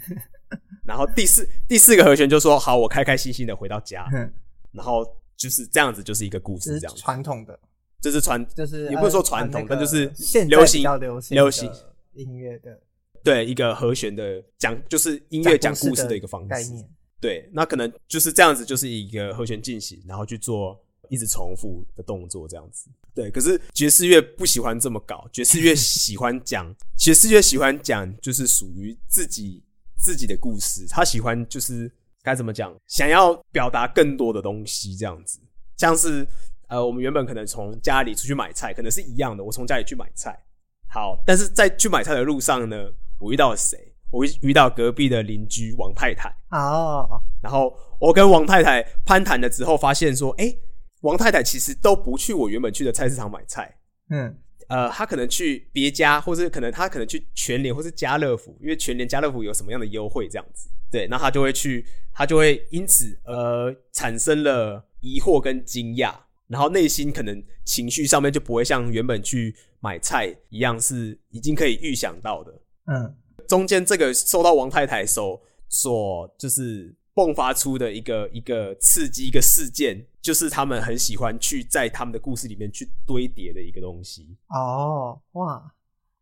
然後第四 第四個和弦就是說好，我開開心心的回到家，嗯、然後。就是這樣子，就是一個故事這樣子，這樣傳統的，就是傳，就是也不是說傳統，但就是流行流行音樂的，對一個和弦的講，就是音樂講故,故事的一個方式。對，那可能就是這樣子，就是一個和弦進行，然後去做一直重複的動作，這樣子。對，可是爵士樂不喜歡這麼搞，爵士樂喜歡講， 爵士樂喜歡講，就是屬於自己自己的故事，他喜歡就是。該怎麼講？想要表達更多的東西，這樣子，像是，呃，我們原本可能從家裡出去買菜，可能是一樣的。我從家裡去買菜，好，但是在去買菜的路上呢，我遇到誰？我遇到隔壁的鄰居王太太。哦。然後我跟王太太攀談了之後，發現說，欸，王太太其實都不去我原本去的菜市場買菜。嗯。呃，他可能去別家，或是可能他可能去全聯或是家樂福，因為全聯、家樂福有什麼樣的優惠這樣子，對，那他就會去，他就會因此而產生了疑惑跟驚訝，然後內心可能情緒上面就不會像原本去買菜一樣是已經可以預想到的，嗯，中間這個收到王太太手所，所就是。迸發出的一個一個刺激一個事件，就是他們很喜歡去在他們的故事裡面去堆疊的一個東西。哦，哇，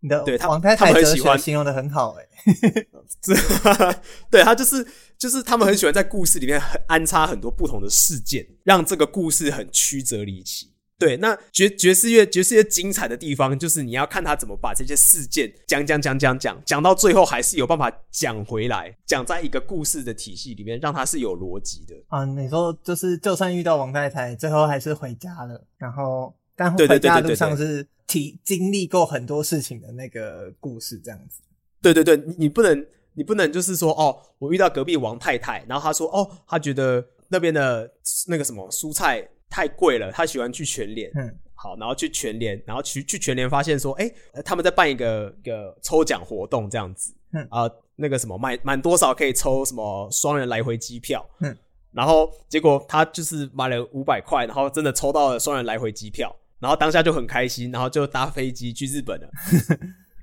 你的對王太太很喜歡，形容的很好哎、欸。 對，他就是就是他們很喜歡在故事裡面安插很多不同的事件，讓這個故事很曲折離奇。對，那爵爵士樂，爵士樂精彩的地方就是你要看他怎麼把這些事件講講講講講講到最後，還是有辦法講回來，講在一個故事的體系裡面，讓他是有邏輯的。啊，你說就是，就算遇到王太太，最後還是回家了，然後但回家路上是體對對對對對對經歷過很多事情的那個故事，這樣子。對對對，你不能，你不能就是說哦，我遇到隔壁王太太，然後她說哦，她覺得那邊的那個什麼蔬菜。太貴了，他喜歡去全聯，嗯，好，然後去全聯，然後去去全聯，發現說，哎、欸，他們在辦一個一個抽獎活動，這樣子，嗯啊，那個什麼，買滿多少可以抽什麼雙人來回機票，嗯，然後結果他就是買了五百塊，然後真的抽到了雙人來回機票，然後當下就很開心，然後就搭飛機去日本了。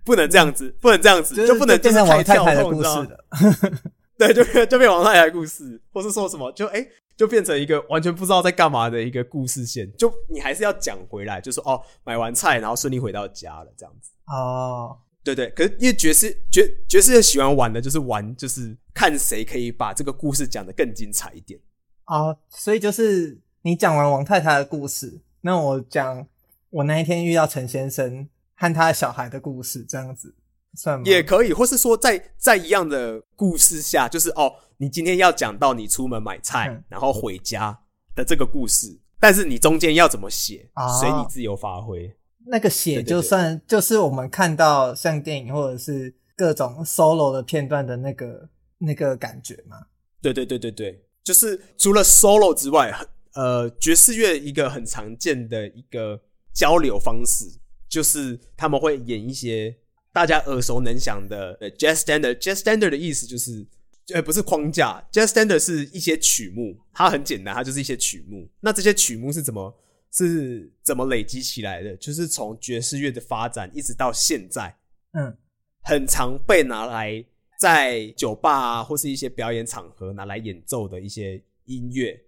不能這樣子，不能這樣子，就，是、就不能變成、啊、王太太的故事了。 對，就就變王太太故事，或是說什麼，就哎。欸就變成一個完全不知道在幹嘛的一個故事線，就你還是要講回來，就是哦，買完菜然後順利回到家了這樣子。哦，對對，可是因為爵士爵爵士喜歡玩的就是玩，就是看誰可以把這個故事講得更精彩一點。哦，所以就是你講完王太太的故事，那我講我那一天遇到陳先生和他的小孩的故事這樣子。算嗎？也可以，或是說在，在在一樣的故事下，就是哦，你今天要講到你出門買菜，嗯，然後回家的這個故事，但是你中間要怎麼寫，隨、哦、你自由發揮。那個寫就算就是我們看到像電影或者是各種 solo 的片段的那個那個感覺嘛。對對對對對，就是除了 solo 之外，呃，爵士樂一個很常見的一個交流方式，就是他們會演一些。大家耳熟能詳的呃 Jazz Standard，Jazz Standard 的意思就是，呃，不是框架，Jazz Standard 是一些曲目，它很簡單，它就是一些曲目。那這些曲目是怎麼是怎麼累積起來的？就是從爵士樂的發展一直到現在，嗯，很常被拿來在酒吧啊，或是一些表演場合拿來演奏的一些音樂，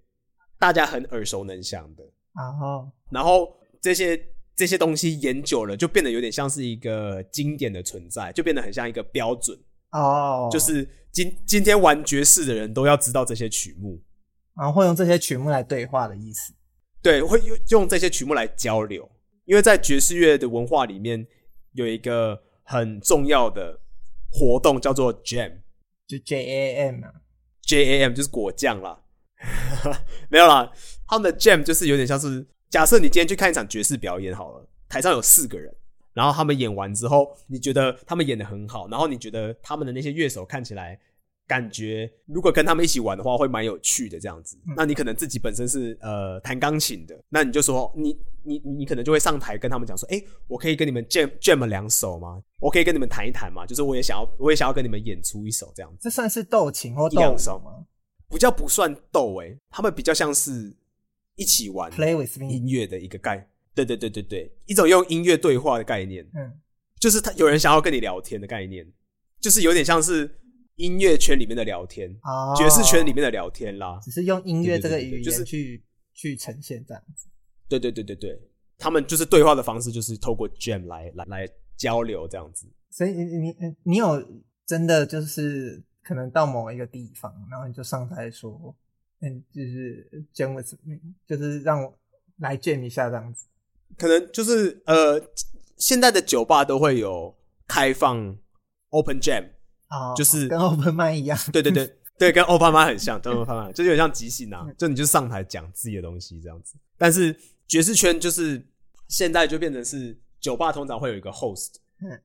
大家很耳熟能詳的。然後，然後這些。這些東西演久了，就變得有點像是一個經典的存在，就變得很像一個標準哦。Oh. 就是今今天玩爵士的人都要知道這些曲目，然、啊、後會用這些曲目來對話的意思。對，會用這些曲目來交流，因為在爵士樂的文化裡面有一個很重要的活動叫做 jam。就 jam 啊，jam 就是果醬啦。 沒有啦，他們的 jam 就是有點像是。假設你今天去看一場爵士表演好了，台上有四個人，然後他們演完之後，你覺得他們演得很好，然後你覺得他們的那些樂手看起來，感覺如果跟他們一起玩的話會蠻有趣的這樣子。嗯、那你可能自己本身是呃彈鋼琴的，那你就說你你你可能就會上台跟他們講說，哎，我可以跟你們 jam jam 兩首嗎？我可以跟你們彈一彈嗎？就是我也想要，我也想要跟你們演出一首這樣子。這算是鬥琴或鬥兩首嗎？不叫不算鬥哎、欸，他們比較像是。一起玩音樂的一個概，對對對對對，一種用音樂對話的概念，嗯，就是他有人想要跟你聊天的概念，就是有點像是音樂圈裡面的聊天，哦，爵士圈裡面的聊天啦，只是用音樂這個語言對對對對對，就是，去去呈現這樣子。對對對對對，他們就是對話的方式，就是透過 jam 來來來交流這樣子。所以你你你有真的就是可能到某一個地方，然後你就上台說。嗯，就是 jam 是，就是讓我來 jam 一下這樣子，可能就是呃，現在的酒吧都會有開放 open jam 啊、哦，就是、哦、跟 open mic 一樣，對對對 對，跟 open mic 很像， 跟 open mic 就有點像即興啊，就你就上台講自己的東西這樣子，但是爵士圈就是現在就變成是酒吧通常會有一個 host，、嗯、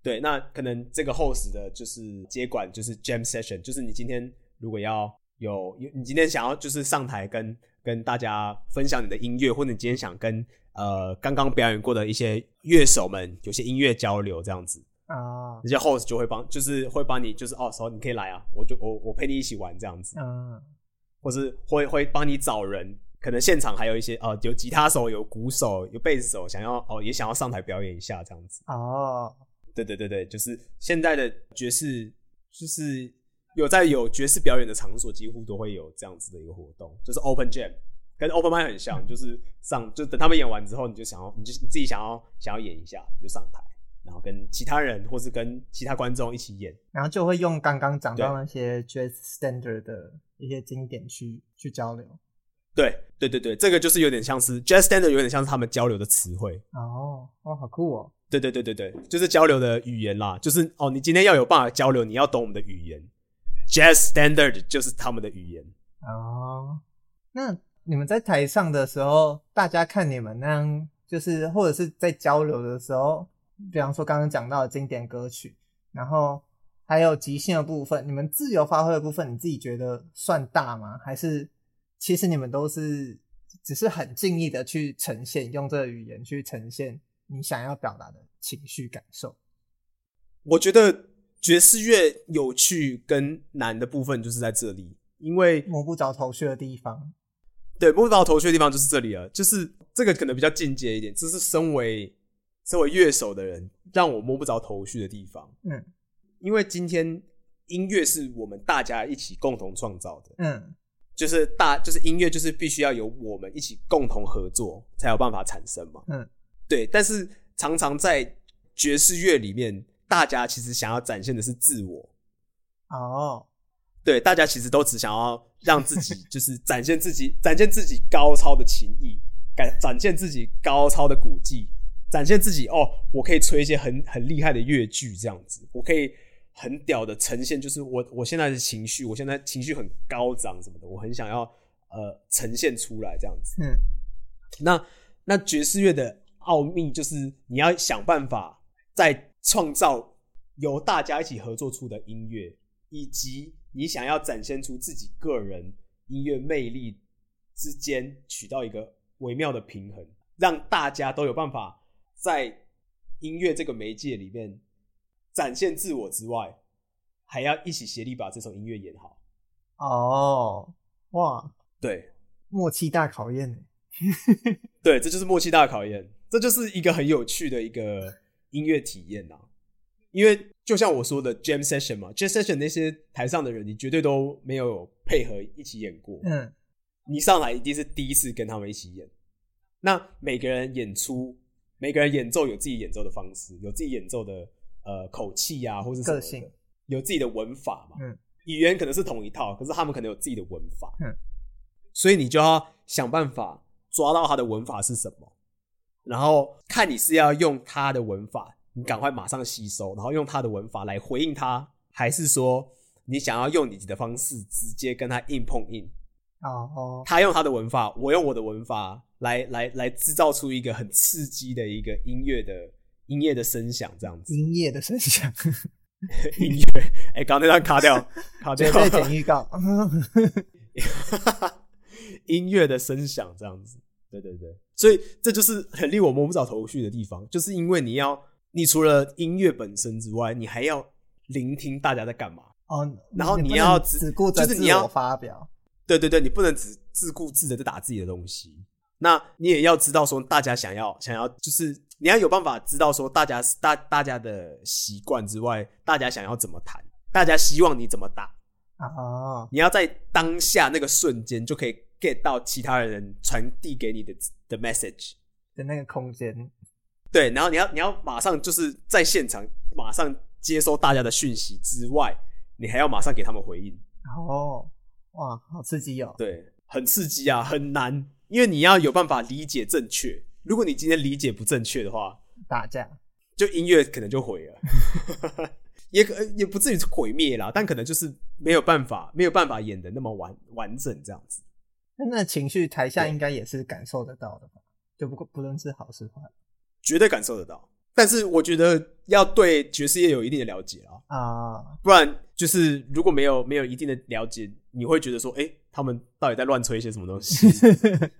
對，那可能這個 host 的就是接管就是 jam session，就是你今天如果要。有你今天想要就是上台跟跟大家分享你的音樂，或者你今天想跟呃剛剛表演過的一些樂手們有些音樂交流這樣子啊，oh. 那些 host 就會幫，就是會幫你就是哦，時候、oh, so、你可以來啊，我就我我陪你一起玩這樣子啊，oh. 或是會會幫你找人，可能現場還有一些哦、呃，有吉他手、有鼓手、有貝斯手，想要哦也想要上台表演一下這樣子哦，oh. 對對對對，就是現在的爵士就是。有在有爵士表演的場所，幾乎都會有這樣子的一個活動，就是 open jam，跟 open mic 很像，嗯，就是上，就等他們演完之後，你就想要，你就你自己想要想要演一下，你就上台，然後跟其他人或是跟其他觀眾一起演，然後就會用剛剛講到那些 jazz standard 的一些經典去去交流。對對對對，這個就是有點像是 jazz standard，有點像是他們交流的詞彙。哦哦，好酷哦！對對對對對，就是交流的語言啦，就是哦，你今天要有辦法交流，你要懂我們的語言。Jazz Standard 就是他們的語言哦。Oh, 那你們在台上的時候，大家看你們那樣，就是或者是在交流的時候，比方說剛剛講到的經典歌曲，然後還有即興的部分，你們自由發揮的部分，你自己覺得算大嗎？還是其實你們都是只是很盡力的去呈現，用這個語言去呈現你想要表達的情緒感受？我覺得。爵士樂有趣跟難的部分就是在這裡，因為摸不着頭緒的地方。對，摸不着頭緒的地方就是這裡了。就是這個可能比較進階一點，這、就是身為身為樂手的人，讓我摸不着頭緒的地方。嗯，因為今天音樂是我們大家一起共同創造的。嗯，就是大就是音樂就是必須要由我們一起共同合作才有辦法產生嘛。嗯，對。但是常常在爵士樂裡面。大家其實想要展現的是自我哦、oh.，對，大家其實都只想要讓自己就是展現自己， 展現自己高超的琴藝，展展現自己高超的鼓技，展現自己哦，我可以吹一些很很厲害的樂句這樣子，我可以很屌的呈現，就是我我現在的情緒，我現在情緒很高漲什麼的，我很想要呃呈現出來這樣子。嗯、mm.，那那爵士樂的奧秘就是你要想辦法在。創造由大家一起合作出的音樂，以及你想要展現出自己個人音樂魅力之間，取到一個微妙的平衡，讓大家都有辦法在音樂這個媒介裡面展現自我之外，還要一起協力把這首音樂演好。哦，哇，對，默契大考驗。 對，這就是默契大考驗，這就是一個很有趣的一個。音樂體驗啊，因為就像我說的，jam session 嘛，jam session 那些台上的人，你絕對都沒有，有配合一起演過。嗯，你上來一定是第一次跟他們一起演。那每個人演出，每個人演奏有自己演奏的方式，有自己演奏的呃口氣啊，或是個性，有自己的文法嘛。嗯，語言可能是同一套，可是他們可能有自己的文法。嗯，所以你就要想辦法抓到他的文法是什麼。然後看你是要用他的文法，你趕快馬上吸收，然後用他的文法來回應他，還是說你想要用你的方式直接跟他硬碰硬？哦、oh. 他用他的文法，我用我的文法來來來製造出一個很刺激的一個音樂的音樂的聲響，這樣子。音樂的聲響， 音樂哎、欸，剛剛那段卡掉，卡掉，再剪預告。 音樂的聲響，這樣子，對對對。所以這就是很令我摸不着頭緒的地方，就是因為你要你除了音樂本身之外，你還要聆聽大家在幹嘛哦。然後你要只只顧着就是你要發表。對對對，你不能只自顧自的在打自己的東西。那你也要知道說大家想要想要，就是你要有辦法知道說大家大大家的習慣之外，大家想要怎麼彈，大家希望你怎麼打哦，你要在當下那個瞬間就可以 get 到其他的人傳遞給你的。的 message 的那個空間，對，然後你要你要馬上就是在現場馬上接收大家的訊息之外，你還要馬上給他們回應。哦，哇，好刺激哦！對，很刺激啊，很難，因為你要有辦法理解正確。如果你今天理解不正確的話，大家就音樂可能就毀了， 也可也不至於毀滅啦，但可能就是沒有辦法，沒有辦法演得那麼完完整這樣子。那情緒台下應該也是感受得到的吧？就不不論是好是壞，絕對感受得到。但是我覺得要對爵士樂有一定的了解啊啊，uh, 不然就是如果沒有沒有一定的了解，你會覺得說，哎、欸，他們到底在亂吹一些什麼東西？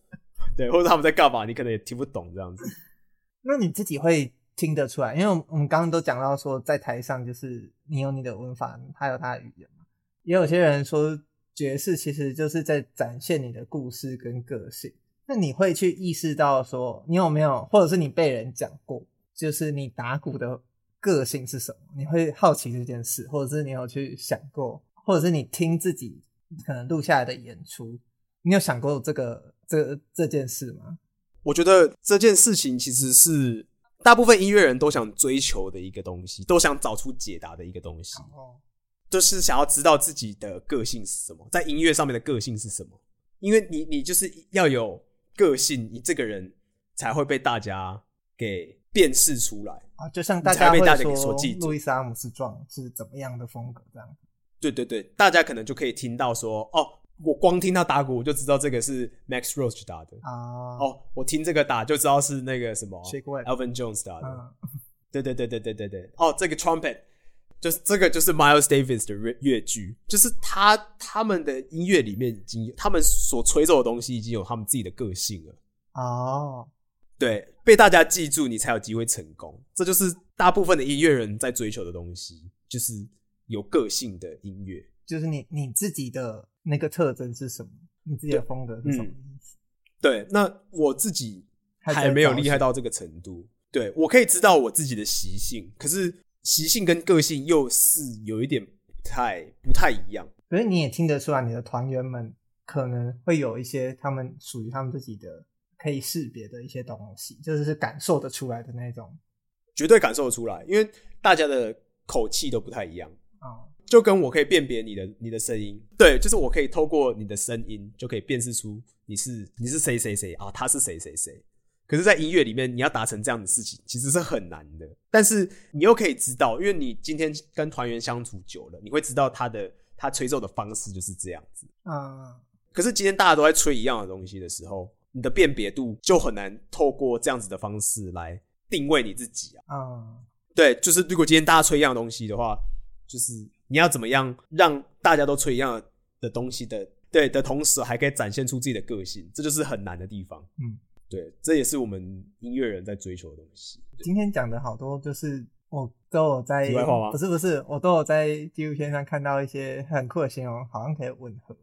對，或者他們在幹嘛？你可能也聽不懂這樣子。 那你自己會聽得出來？因為我們剛剛都講到說，在台上就是你有你的文法，他有他的語言嘛。也有些人說。爵士其實就是在展現你的故事跟個性。那你會去意識到說，你有沒有，或者是你被人講過，就是你打鼓的個性是什麼？你會好奇這件事，或者是你有去想過，或者是你聽自己可能錄下來的演出，你有想過這個這個、這個、這件事嗎？我覺得這件事情其實是大部分音樂人都想追求的一個東西，都想找出解答的一個東西。哦。就是想要知道自己的個性是什麼，在音樂上面的個性是什麼？因為你，你就是要有個性，你這個人才會被大家給辨識出來啊！就像大家被大家給說，路易斯·阿姆斯壯是怎麼樣的風格這樣子。對對對，大家可能就可以聽到說，哦，我光聽到打鼓，我就知道這個是 Max Roach 打的，啊，哦，我聽這個打就知道是那個什麼，Elvin Jones 打的，啊。對對對對對對對。哦，這個 trumpet。就是這個，就是 Miles Davis 的樂句，就是他他們的音樂裡面已經有，他們所吹奏的東西已經有他們自己的個性了。哦、Oh，對，被大家記住，你才有機會成功。這就是大部分的音樂人在追求的東西，就是有個性的音樂。就是你你自己的那個特徵是什麼？你自己的風格是什麼？嗯、對，那我自己還沒有厲害到這個程度。對，我可以知道我自己的習性，可是。習性跟個性又是有一點不太不太一樣，可是你也聽得出來，你的團員們可能會有一些他們屬於他們自己的可以識別的一些東西，就是感受得出來的那種，絕對感受得出來，因為大家的口氣都不太一樣啊、哦，就跟我可以辨別你的你的聲音，對，就是我可以透過你的聲音就可以辨識出你是你是誰誰誰啊，他是誰誰誰。可是，在音樂裡面，你要達成這樣的事情其實是很難的。但是，你又可以知道，因為你今天跟團員相處久了，你會知道他的他吹奏的方式就是這樣子啊、嗯。可是，今天大家都在吹一樣的東西的時候，你的辨別度就很難透過這樣子的方式來定位你自己啊、嗯。對，就是如果今天大家吹一樣的東西的話，就是你要怎麼樣讓大家都吹一樣的的東西的，對的同時，還可以展現出自己的個性，這就是很難的地方。嗯。對，這也是我們音樂人在追求的東西。今天講的好多，就是我都有在，不是不是，我都有在紀錄片上看到一些很酷的形容，好像可以吻合，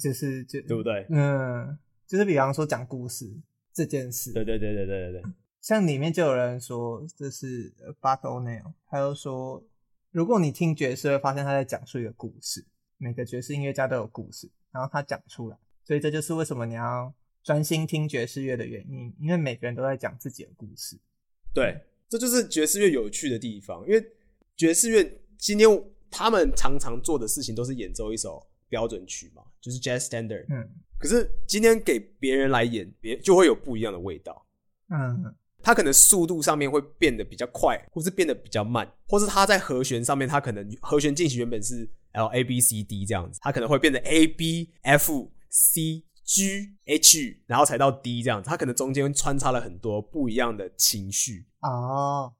就是就對不對？嗯，就是比方說講故事這件事。對對對對對對對，像裡面就有人說這是 Buck O'Neil，他又說，如果你聽爵士，會發現他在講述一個故事。每個爵士音樂家都有故事，然後他講出來，所以這就是為什麼你要。專心聽爵士樂的原因，因為每個人都在講自己的故事。對，這就是爵士樂有趣的地方。因為爵士樂今天他們常常做的事情都是演奏一首標準曲嘛，就是 Jazz Standard。嗯。可是今天給別人來演，別就會有不一樣的味道。嗯。他可能速度上面會變得比較快，或是變得比較慢，或是他在和弦上面，他可能和弦進行原本是 L A B C D 這樣子，他可能會變得 A B F C。G H，然後才到 D 這樣子，他可能中間穿插了很多不一樣的情緒哦。Oh.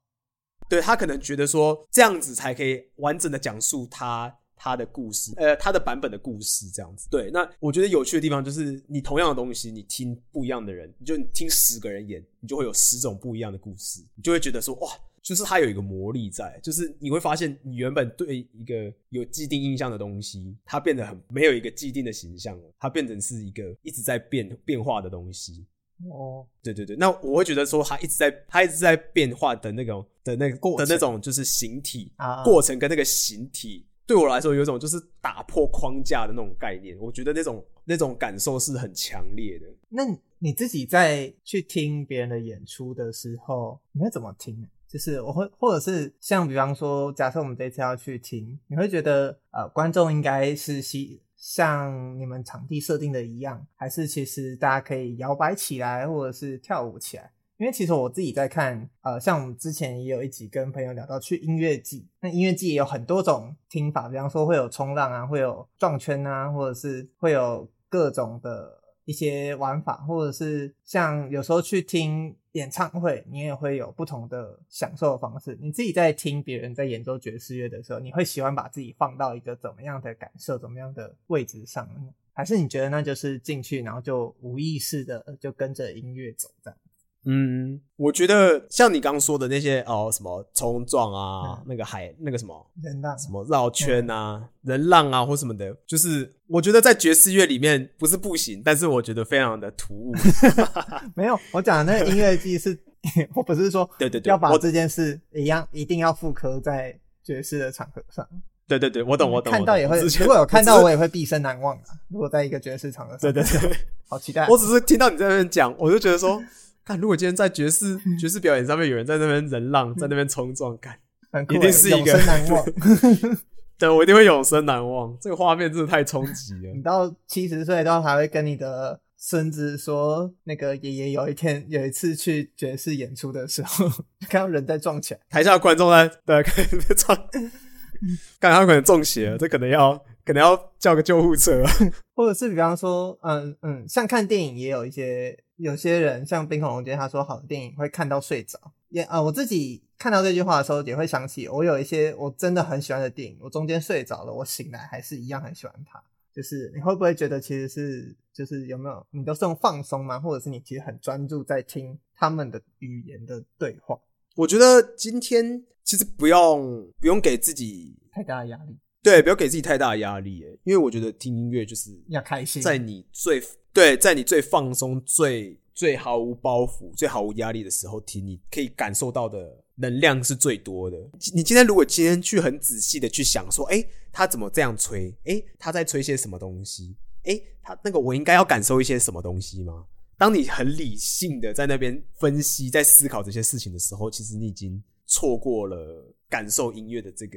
對，他可能覺得說，這樣子才可以完整的講述他他的故事，呃，他的版本的故事這樣子。對，那我覺得有趣的地方就是你同樣的東西，你聽不一樣的人，你就你聽十個人演，你就會有十種不一樣的故事，你就會覺得說，哇。就是它有一個魔力在，就是你會發現，你原本對一個有既定印象的東西，它變得很沒有一個既定的形象了，它變成是一個一直在變變化的東西。哦、oh.，對對對，那我會覺得說，它一直在它一直在變化的那種的那個過的那種就是形體啊，oh. 過程跟那個形體，對我來說有一種就是打破框架的那種概念，我覺得那種那種感受是很強烈的。那你自己在去聽別人的演出的時候，你會怎麼聽呢？就是我會，或者是像比方說，假設我們這次要去聽，你會覺得呃，觀眾應該是像你們場地設定的一樣，還是其實大家可以搖擺起來，或者是跳舞起來？因為其實我自己在看，呃，像我們之前也有一集跟朋友聊到去音樂季，那音樂季也有很多種聽法，比方說會有衝浪啊，會有撞圈啊，或者是會有各種的一些玩法，或者是像有時候去聽。演唱會，你也會有不同的享受的方式。你自己在聽別人在演奏爵士樂的時候，你會喜歡把自己放到一個怎麼樣的感受、怎麼樣的位置上？還是你覺得那就是進去，然後就無意識的就跟着音樂走這樣？嗯，我覺得像你剛說的那些哦，什麼衝撞啊，嗯、那個海那個什麼人浪，什麼繞圈啊，嗯、人浪啊或什麼的，就是我覺得在爵士樂裡面不是不行，但是我覺得非常的突兀。 沒有，我講的那個音樂祭是， 我不是說對對對，要把這件事一樣一定要復刻在爵士的場合上。對對對，我懂我懂，嗯，看到也會，如果有看到我也會畢生難忘啊。如果在一個爵士場合上，對對對，好期待，啊。我只是聽到你在那邊講，我就覺得說。 看，如果今天在爵士爵士表演上面有人在那邊人浪，嗯、在那邊衝撞感，感、欸、一定是一個永生難忘。 對，我一定會永生難忘。這個畫面真的太衝擊了。你到七十歲，都還會跟你的孫子說，那個爺爺有一天有一次去爵士演出的時候，看到人在撞起來，台下的觀眾在，對，才在撞，看他可能中邪了，這可能要，可能要叫個救護車，或者是比方說，嗯嗯，像看電影也有一些。有些人像冰恐龍，覺得他說好的電影會看到睡着，也啊，我自己看到這句話的時候也會想起，我有一些我真的很喜歡的電影，我中間睡着了，我醒來還是一樣很喜歡它。就是你會不會覺得其實是就是有沒有你都是用放鬆嗎？或者是你其實很專注在聽他們的語言的對話？我覺得今天其實不用不用給自己太大的壓力。對，不要給自己太大的壓力，因為我覺得聽音樂就是要開心，在你最，對，在你最放鬆、最最毫無包袱、最毫無壓力的時候聽，你可以感受到的能量是最多的。你今天如果今天去很仔細的去想說，哎，他怎麼這樣吹？哎，他在吹些什麼東西？哎，他那個我應該要感受一些什麼東西嗎？當你很理性的在那邊分析、在思考這些事情的時候，其實你已經錯過了感受音樂的這個。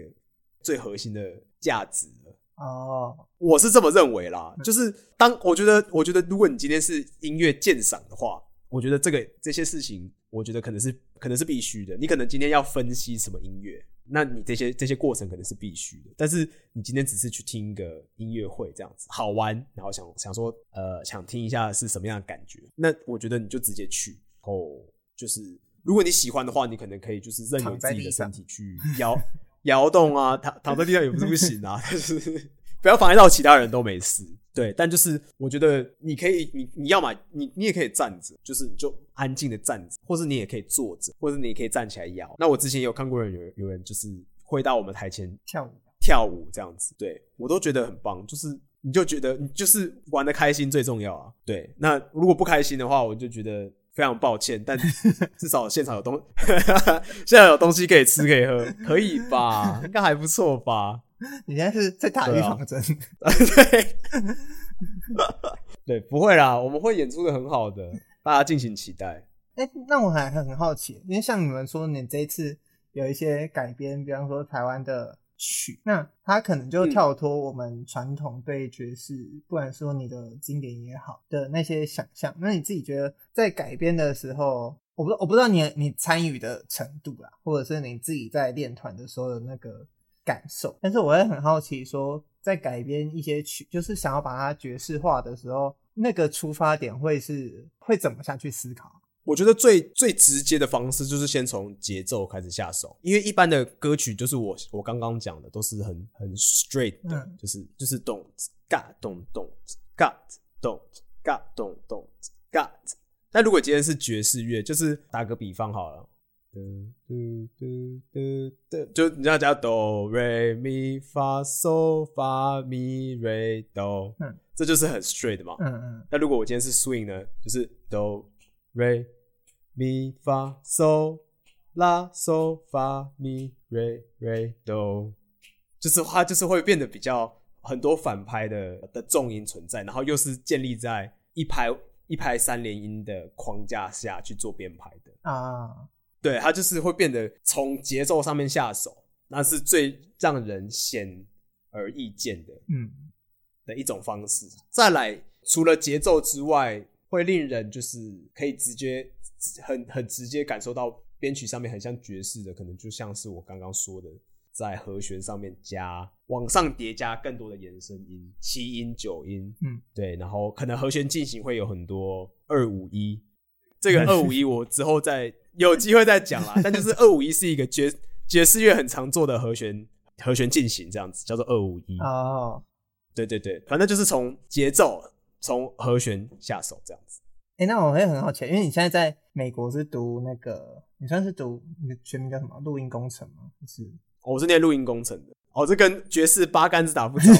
最核心的價值哦，oh. 我是這麼認為啦。就是當我覺得，我覺得如果你今天是音樂鑑賞的話，我覺得這個這些事情，我覺得可能是可能是必須的。你可能今天要分析什麼音樂，那你這些這些過程可能是必須的。但是你今天只是去聽一個音樂會這樣子，好玩，然後想想說，呃，想聽一下是什麼樣的感覺，那我覺得你就直接去，哦，就是如果你喜歡的話，你可能可以就是任由自己的身體去搖。 搖動啊，躺、躺在地上也不是不行啊， 但是不要妨礙到其他人都沒事。對，但就是我覺得你可以，你你要嘛，你你也可以站着，就是你就安靜的站着，或是你也可以坐着，或者你可以站起來搖。那我之前也有看過人有有人就是回到我們台前跳舞、跳舞這樣子，對，我都覺得很棒。就是你就覺得你就是玩的開心最重要啊。對，那如果不開心的話，我就覺得。非常抱歉，但至少現場有東西， 現在有東西可以吃、可以喝，可以吧？應該還不錯吧？你現在是在打預防針？ 對， 對，不會啦，我們會演出的很好的，大家敬請期待。欸，那我還很好奇，因為像你們說，你這一次有一些改編，比方說台灣的。曲，那他可能就跳脫我們傳統對爵士、嗯，不然說你的經典也好的那些想象那你自己覺得在改編的時候，我不我不知道你你參與的程度啦，或者是你自己在練團的時候的那個感受。但是我也很好奇說，說在改編一些曲，就是想要把它爵士化的時候，那個出發點會是會怎麼下去思考？我覺得最最直接的方式就是先從節奏開始下手，因為一般的歌曲就是我我剛剛講的都是很很 straight 的，嗯、就是就是咚嘎咚咚嘎咚嘎咚咚嘎。但如果今天是爵士樂，就是打個比方好了，嗯嗯嗯嗯嗯，就你知道叫哆瑞咪發嗦發咪瑞哆，嗯，這就是很 straight 的嘛，嗯嗯。那如果我今天是 swing 呢，就是哆瑞。咪發嗦拉嗦發咪瑞瑞哆，就是它就是會變得比較很多反拍的的重音存在，然後又是建立在一拍一拍三連音的框架下去做編排的啊。Uh. 對，它就是會變得從節奏上面下手，那是最讓人顯而易見的嗯的一種方式。再來，除了節奏之外，會令人就是可以直接。很很直接感受到編曲上面很像爵士的，可能就像是我剛剛說的，在和弦上面加往上疊加更多的延伸音，七音九音，嗯，對，然後可能和弦進行會有很多二五一，這個二五一我之後再有機會再講啦， 但就是二五一是一個爵士爵士樂很常做的和弦和弦進行，這樣子叫做二五一啊、哦，對對對，反正就是從節奏從和弦下手這樣子。哎、欸，那我會很好奇，因為你現在在美國是讀那個，你算是讀，你的全名叫什麼？錄音工程嗎？不是、哦，我是念錄音工程的。哦，這跟爵士八竿子打不着、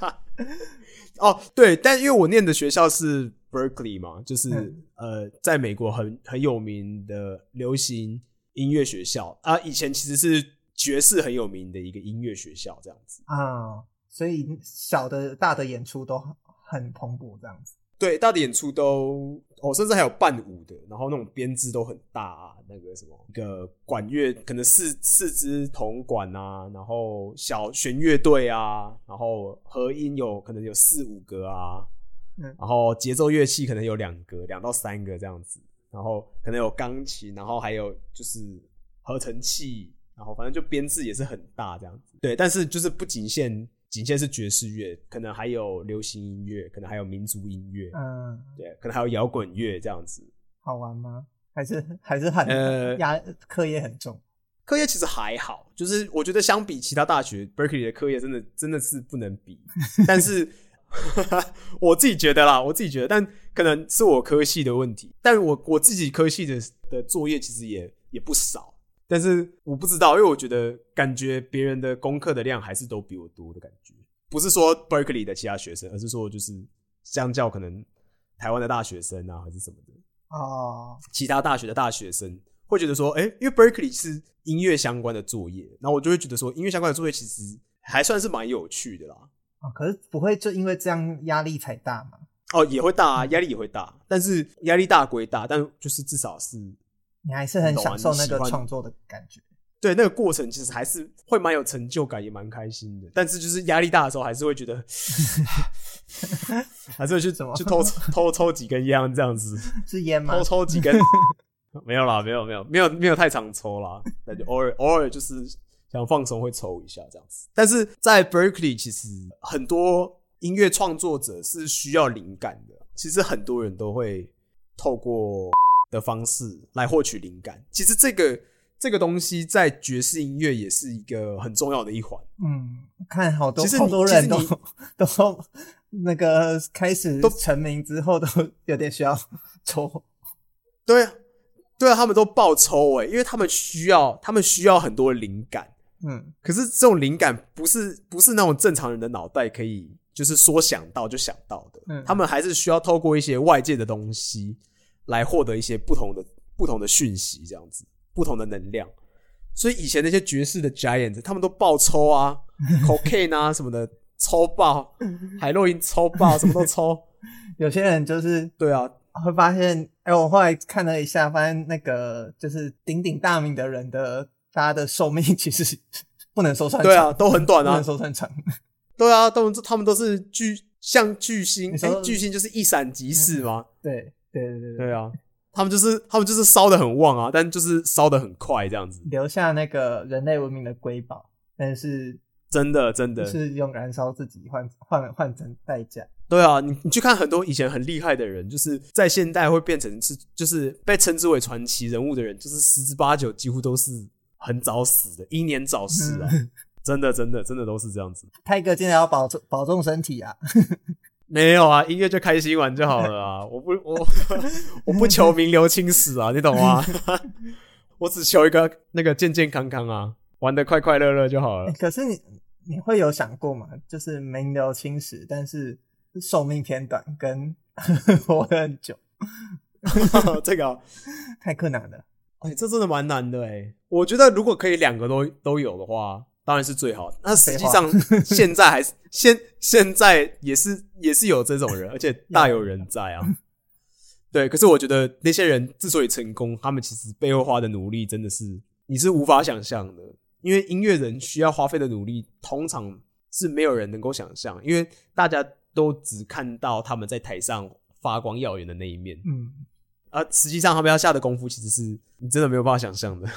啊。 哦，對，但因為我念的學校是 Berkeley 嘛，就是、嗯、呃，在美國很很有名的流行音樂學校啊，以前其實是爵士很有名的一個音樂學校，這樣子。啊、哦，所以小的大的演出都很很蓬勃，這樣子。對，大的演出都哦，甚至還有伴舞的，然後那種編制都很大啊。那個什麼，一個管樂可能四四支銅管啊，然後小弦樂隊啊，然後合音有可能有四五個啊、嗯，然後節奏樂器可能有兩個兩到三個這樣子，然後可能有鋼琴，然後還有就是合成器，然後反正就編制也是很大這樣子。對，但是就是不僅限。僅限是爵士樂，可能還有流行音樂，可能還有民族音樂，嗯，對，可能還有搖滾樂這樣子。好玩嗎？還是還是很、呃、壓課業很重？課業其實還好，就是我覺得相比其他大學，Berkeley 的課業真的真的是不能比。 但是 我自己覺得啦，我自己覺得，但可能是我科系的問題，但我我自己科系的的作業其實也也不少。但是我不知道，因為我覺得感覺別人的功課的量還是都比我多的感覺，不是說 Berkeley 的其他學生，而是說就是相較可能台灣的大學生啊，還是什麼的。哦，其他大學的大學生會覺得說，哎、欸，因為 Berkeley 是音樂相關的作業，然後我就會覺得說，音樂相關的作業其實還算是蠻有趣的啦。啊、哦，可是不會就因為這樣壓力才大嗎？哦，也會大，啊，壓力也會大，嗯、但是壓力大歸大，但就是至少是。你還是很享受那個創作的感覺，啊、對那個過程其實還是會蠻有成就感，也蠻開心的。但是就是壓力大的時候，還是會覺得， 還是會去怎麼去偷偷抽幾根煙這樣子，是煙嗎？偷抽幾根， 沒有啦，沒有沒有沒有沒有太常抽啦，那就偶爾偶爾就是想放鬆會抽一下這樣子。但是在 Berkeley，其實很多音樂創作者是需要靈感的，其實很多人都會透過。的方式來獲取靈感，其實這個這個東西在爵士音樂也是一個很重要的一環。嗯，看好多其實好多人都都，都那個開始都成名之後都，都有點需要抽，對啊，對啊，他們都爆抽哎、欸，因為他們需要他們需要很多靈感。嗯，可是這種靈感不是不是那種正常人的腦袋可以就是說想到就想到的。嗯，他們還是需要透過一些外界的東西。來獲得一些不同的、不同的訊息，這樣子，不同的能量。所以以前那些爵士的 giants，他們都爆抽啊 ，cocaine 啊，什麼的，抽爆， 海洛因抽爆，什麼都抽。有些人就是對啊，會發現，哎、欸，我後來看了一下，發現那個就是鼎鼎大名的人的，他的壽命其實不能說算長，對啊，都很短啊，不能說算長。對啊，都他們都是巨，像巨星，哎、欸，巨星就是一閃即逝嘛，對。對,對對對對啊！他們就是他們就是燒得很旺啊，但就是燒得很快這樣子，留下那個人類文明的瑰寶。但是真的真的，真的就是用燃燒自己換換換成代價。對啊，你你去看很多以前很厲害的人，就是在現代會變成是就是被稱之為傳奇人物的人，就是十之八九幾乎都是很早死的，英年早逝啊、嗯！真的真的真的都是這樣子。泰哥，今天要保重保重身體啊！ 沒有啊，音樂就開心玩就好了啊！ 我不，我我不求名留青史啊， 你懂嗎、啊？ 我只求一個那個健健康康啊，玩的快快樂樂就好了。欸、可是你你會有想過嗎？就是名留青史，但是壽命偏短，跟活得呵呵很久， 這個、啊、太困難了。誒、欸、這真的蠻難的、欸、我覺得如果可以兩個都都有的話。當然是最好的。那實際上，現在還是現現在也是也是有這種人，而且大有人在啊。對，可是我覺得那些人之所以成功，他們其實背後花的努力真的是你是無法想象的。因為音樂人需要花費的努力，通常是沒有人能夠想象，因為大家都只看到他們在台上發光耀眼的那一面。嗯，而、啊、實際上他們要下的功夫，其實是你真的沒有辦法想象的。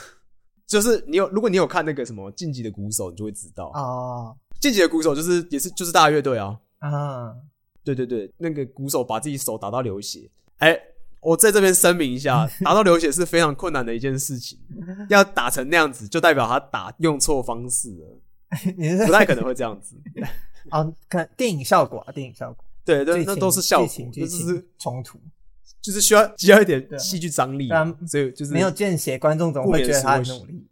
就是你有，如果你有看那個什麼進擊的鼓手，你就會知道哦。進、oh. 擊的鼓手就是也是就是大樂隊啊。啊、oh.，對對對，那個鼓手把自己手打到流血。哎、欸，我在這邊聲明一下，打到流血是非常困難的一件事情， 要打成那樣子，就代表他打用錯方式了。 你在不太可能會這樣子。好 看、okay, 電影效果、啊，電影效果。對，對，對，那那都是效果，情情就是衝突。就是需要需要一點戲劇張力、啊，所以就是沒有見血，觀眾總會覺得他很努力，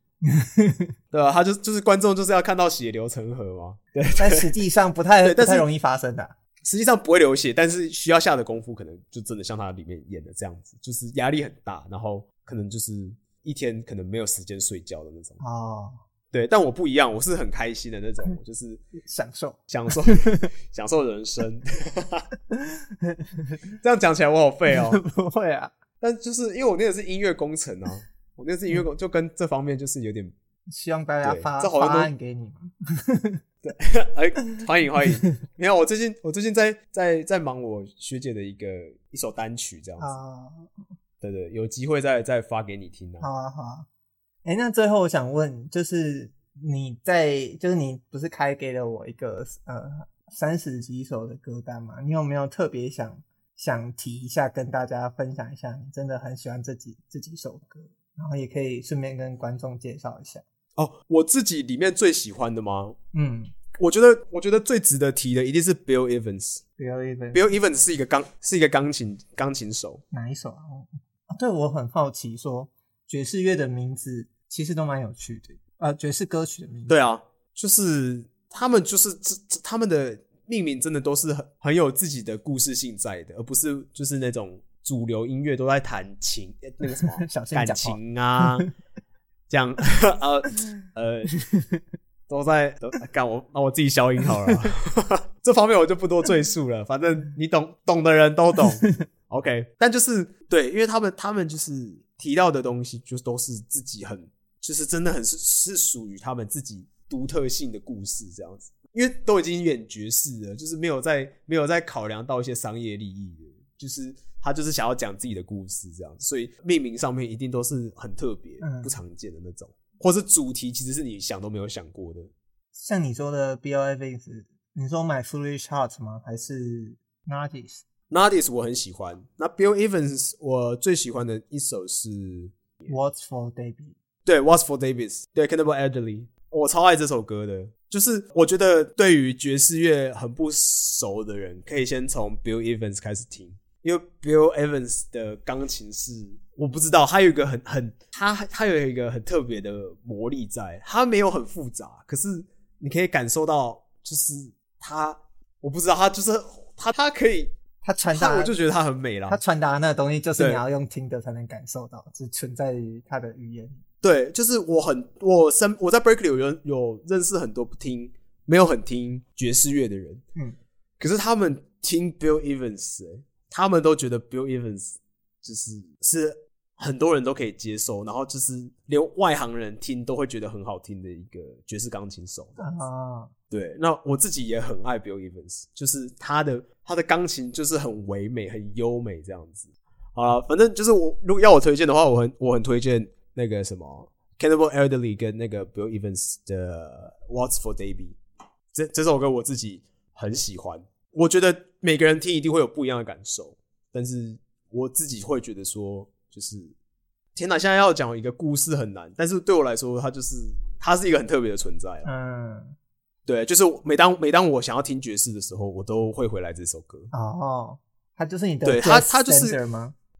對啊，他就就是觀眾就是要看到血流成河嗎？對，對，對，但實際上不太不太容易發生的、啊。實際上不會流血，但是需要下的功夫可能就真的像他裡面演的這樣子，就是壓力很大，然後可能就是一天可能沒有時間睡覺的那種哦。對，但我不一樣，我是很開心的那種，我就是享受、享受、 享受人生。 這樣講起來我好廢哦、喔。 不會啊，但就是因為我那個是音樂工程哦、啊，我那是音樂工、嗯，就跟這方面就是有點。希望大家發這好發案給你。 對，哎，歡迎歡迎！你好，我最近我最近在在在忙我學姐的一個一首單曲，這樣子。啊。對對，對，有機會再再發給你聽啊。好啊，好啊。哎、欸，那最後我想問，就是你在，就是你不是開給了我一個呃、三十幾首的歌單嗎？你有沒有特別想想提一下，跟大家分享一下？你真的很喜歡這幾這幾首歌，然後也可以順便跟觀眾介紹一下。哦，我自己裡面最喜歡的嗎？嗯，我覺得我覺得最值得提的一定是 Bill Evans。Bill Evans，Bill Evans 是一個鋼是一個鋼琴鋼琴手。哪一首啊？啊、哦，對我很好奇說，說爵士樂的名字。其實都蠻有趣的，呃，爵士歌曲的命名。對啊，就是他們就是這他們的命名真的都是很很有自己的故事性在的，而不是就是那種主流音樂都在彈琴。那個什麼小感情啊，講、 啊、呃呃都在幹、啊、我那、啊、我自己消音好了， 這方面我就不多贅述了，反正你懂懂的人都懂。OK，但就是對，因為他們他們就是提到的東西就都是自己很。就是真的很是是屬於他們自己獨特性的故事這樣子，因為都已經演爵士了，就是沒有在沒有在考量到一些商業利益，就是他就是想要講自己的故事這樣子，所以命名上面一定都是很特別、嗯、不常見的那種，或是主題其實是你想都沒有想過的。像你說的 Bill Evans，你說 My Foolish Heart 嗎？還是 Nardis？Nardis 我很喜歡。那 Bill Evans 我最喜歡的一首是、yeah. Waltz for Debby。對，What's for Davis？對，Cannonball Adderley，我超愛這首歌的。就是我覺得對於爵士樂很不熟的人，可以先從 Bill Evans 開始聽，因為 Bill Evans 的鋼琴是，我不知道，他有一個很很他他有一個很特別的魔力在，他沒有很複雜，可是你可以感受到，就是他我不知道他就是他他可以他傳達，我就覺得他很美了。他傳達的那個東西，就是你要用聽的才能感受到，只存在於他的語言。對，就是我很我身我在 Berklee 有有認識很多不聽沒有很聽爵士樂的人，嗯，可是他們聽 Bill Evans，他們都覺得 Bill Evans 就是是很多人都可以接受，然後就是連外行人聽都會覺得很好聽的一個爵士鋼琴手啊、哦。對，那我自己也很愛 Bill Evans，就是他的他的鋼琴就是很唯美很優美這樣子。好了，反正就是我如果要我推薦的話，我很我很推薦。那個什麼 Cannonball Adderley 跟那個 Bill Evans 的 "Waltz for Debby" 這這首歌我自己很喜歡。我覺得每個人聽一定會有不一樣的感受，但是我自己會覺得說，就是天吶，前現在要講一個故事很難，但是對我來說，它就是它是一個很特別的存在。嗯，對，就是每當每當我想要聽爵士的時候，我都會回來這首歌。哦，它就是你的對，對它他就是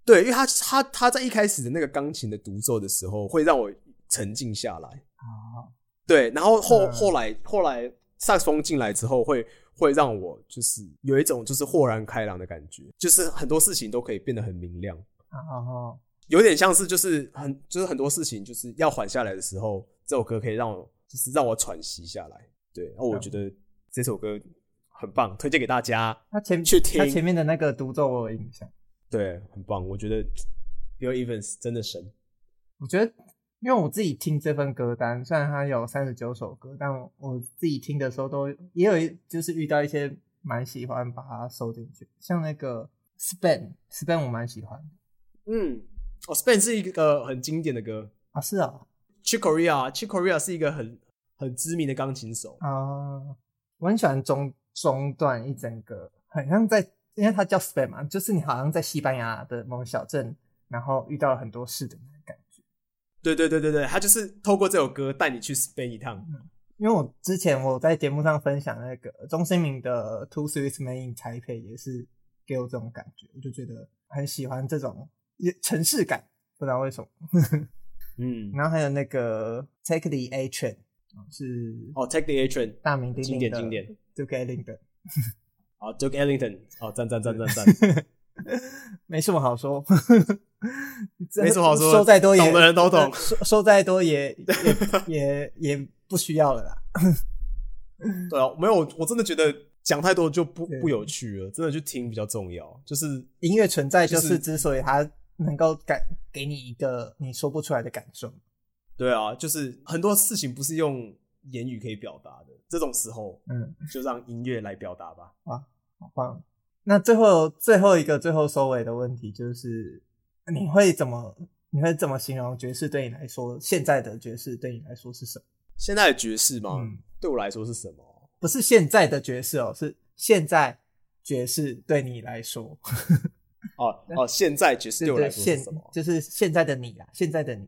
對，因為他他他在一開始的那個鋼琴的獨奏的時候，會讓我沉靜下來。Oh. 對，然後後、uh. 後來後來薩克風進來之後會，會會讓我就是有一種就是豁然開朗的感覺，就是很多事情都可以變得很明亮。Oh. 有點像是就是很就是很多事情就是要緩下來的時候，這首歌可以讓我就是讓我喘息下來。對，然後我覺得這首歌很棒，推薦給大家、oh.。他前面去聽他前面的那個獨奏，我有印象。對，很棒！我覺得 Bill Evans 真的神。我覺得，因為我自己聽這份歌單，雖然它有三十九首歌，但我自己聽的時候都也有，就是遇到一些蠻喜歡，把它收進去。像那個 Span，Span Span 我蠻喜歡。嗯，哦，Span 是一個很經典的歌啊。是啊，Chick Corea，Chick Corea 是一個很很知名的鋼琴手啊。我很喜歡中中段一整個，很像在。因為他叫 Spain 嘛，就是你好像在西班牙的某個小鎮，然後遇到了很多事的那種感覺。對對對對對，他就是透過這首歌帶你去 Spain 一趟。嗯、因為我之前我在節目上分享那個鍾興民的《Two s w i s s Men in Taipei》，也是給我這種感覺，我就覺得很喜歡這種城市感，不知道為什麼。 嗯，然後還有那個《Take the A Train、哦》，是哦，oh，《Take the A Train》大名鼎鼎的經典，經典，就給領的。 好，Duke Ellington，讚讚讚讚讚，沒什麼好說， 沒什麼好說，說再多也懂的人都懂，說再多也 也也，也不需要了啦。對啊，沒有，我真的覺得講太多就不不有趣了，真的就聽比較重要。就是音樂存在，就是之所以它能夠感給你一個你說不出來的感受。對啊，就是很多事情不是用言語可以表達的，這種時候，嗯，就讓音樂來表達吧。啊。好棒，那最後最後一個最後收尾的問題就是，你會怎麼你會怎麼形容爵士對你來說？現在的爵士對你來說是什麼？現在的爵士嗎？嗯、對我來說是什麼？不是現在的爵士哦、喔，是現在爵士對你來說。哦哦，現在爵士對我來說是什麼？ 對對對，就是現在的你啊，現在的你。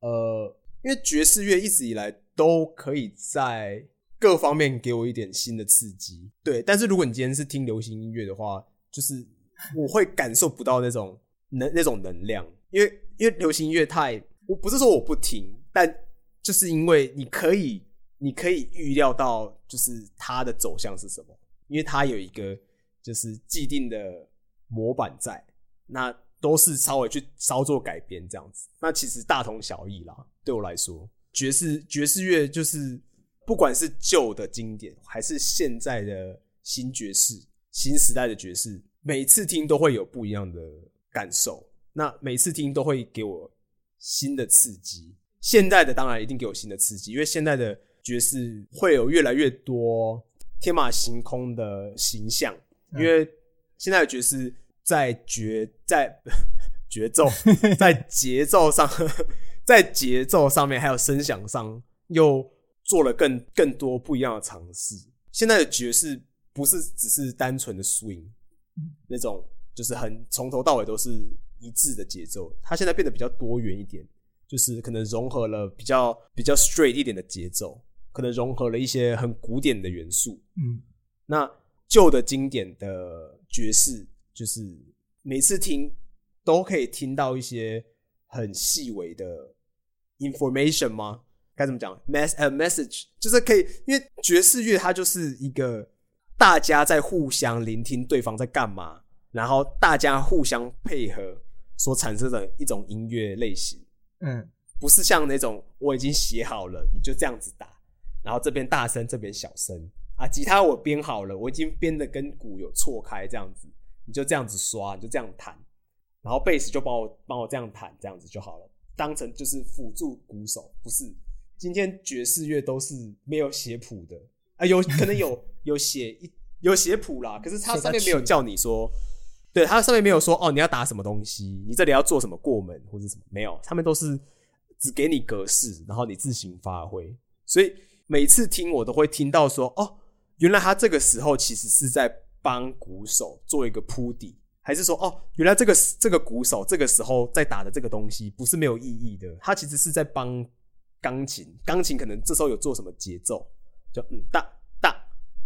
呃，因為爵士樂一直以來都可以在。各方面給我一點新的刺激，對。但是如果你今天是聽流行音樂的話，就是我會感受不到那種能那種能量，因為因為流行音樂太……我不是說我不聽，但就是因為你可以你可以預料到，就是它的走向是什麼，因為它有一個就是既定的模板在，那都是稍微去稍作改編這樣子，那其實大同小異啦。對我來說，爵士爵士樂就是。不管是舊的經典，還是現在的新爵士、新時代的爵士，每次聽都會有不一樣的感受。那每次聽都會給我新的刺激。現在的當然一定給我新的刺激，因為現在的爵士會有越來越多天馬行空的形象。嗯、因為現在的爵士在絕在節 奏、在節奏上、在節奏上面，還有聲響上又。有做了更更多不一樣的嘗試。現在的爵士不是只是單純的 swing 那種，就是很從頭到尾都是一致的節奏。它現在變得比較多元一點，就是可能融合了比較比較 straight 一點的節奏，可能融合了一些很古典的元素。嗯，那舊的經典的爵士，就是每次聽都可以聽到一些很細微的 information 嗎？該怎麼講？Mess-、uh, message 就是可以，因為爵士樂它就是一個大家在互相聆聽對方在幹嘛，然後大家互相配合所產生的一種音樂類型。嗯，不是像那種我已經寫好了，你就這樣子打，然後這邊大聲，這邊小聲啊，吉他我編好了，我已經編的跟鼓有錯開，這樣子你就這樣子刷，你就這樣彈，然後貝斯就幫我幫我這樣彈，這樣子就好了，當成就是輔助鼓手，不是。今天爵士樂都是沒有寫譜的啊、哎，有可能有有寫一有寫譜啦，可是他上面沒有叫你說，對，他上面沒有說哦，你要打什麼東西，你這裡要做什麼過門或者什麼，沒有，他們都是只給你格式，然後你自行發揮。所以每次聽我都會聽到說，哦，原來他這個時候其實是在幫鼓手做一個鋪底，還是說，哦，原來這個這個鼓手這個時候在打的這個東西不是沒有意義的，他其實是在幫。鋼琴，鋼琴可能這時候有做什麼節奏，就嗯噠噠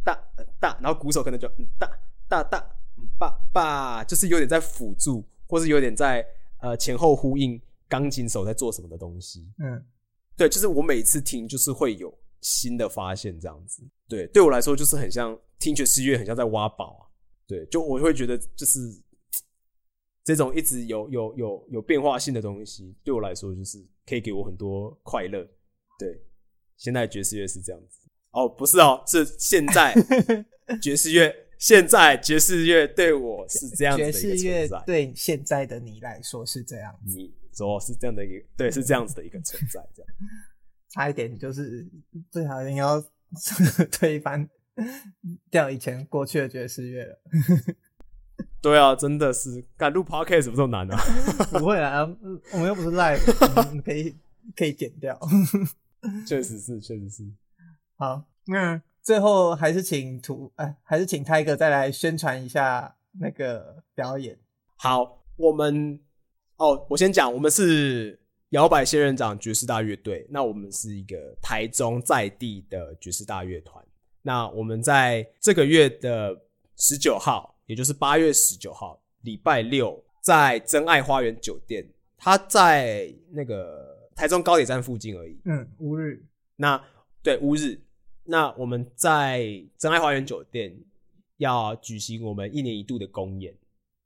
噠噠，然後鼓手可能就嗯噠噠噠嗯爸爸，就是有點在輔助，或是有點在呃前後呼應，鋼琴手在做什麼的東西，嗯，對，就是我每次聽就是會有新的發現這樣子，對，對我來說就是很像聽爵士樂很像在挖寶啊，對，就我會覺得就是。這種一直有有有有變化性的東西，對我來說就是可以給我很多快樂。對，現在的爵士樂是這樣子。哦，不是哦，是現在 爵士樂，現在爵士樂對我是這樣子的一個存在。爵士樂對現在的你來說是這樣子。你說是這樣的一個，對，是這樣子的一個存在。這樣， 差一點，就是最好一定要推翻掉以前過去的爵士樂了。 對啊，真的是，敢錄 podcast 怎麼這麼難啊？ 不會啊，我們又不是 live， 我們可以可以剪掉。 確實是，確實是。好，那最後還是請圖哎，還是請 Tiger 再來宣傳一下那個表演。好，我們哦，我先講，我們是搖擺仙人掌爵士大樂隊。那我們是一個台中在地的爵士大樂團。那我們在這個月的十九號。也就是八月十九號，禮拜六，在臻愛花園酒店，他在那個台中高鐵站附近而已。嗯，烏日。那對烏日，那我們在臻愛花園酒店要舉行我們一年一度的公演，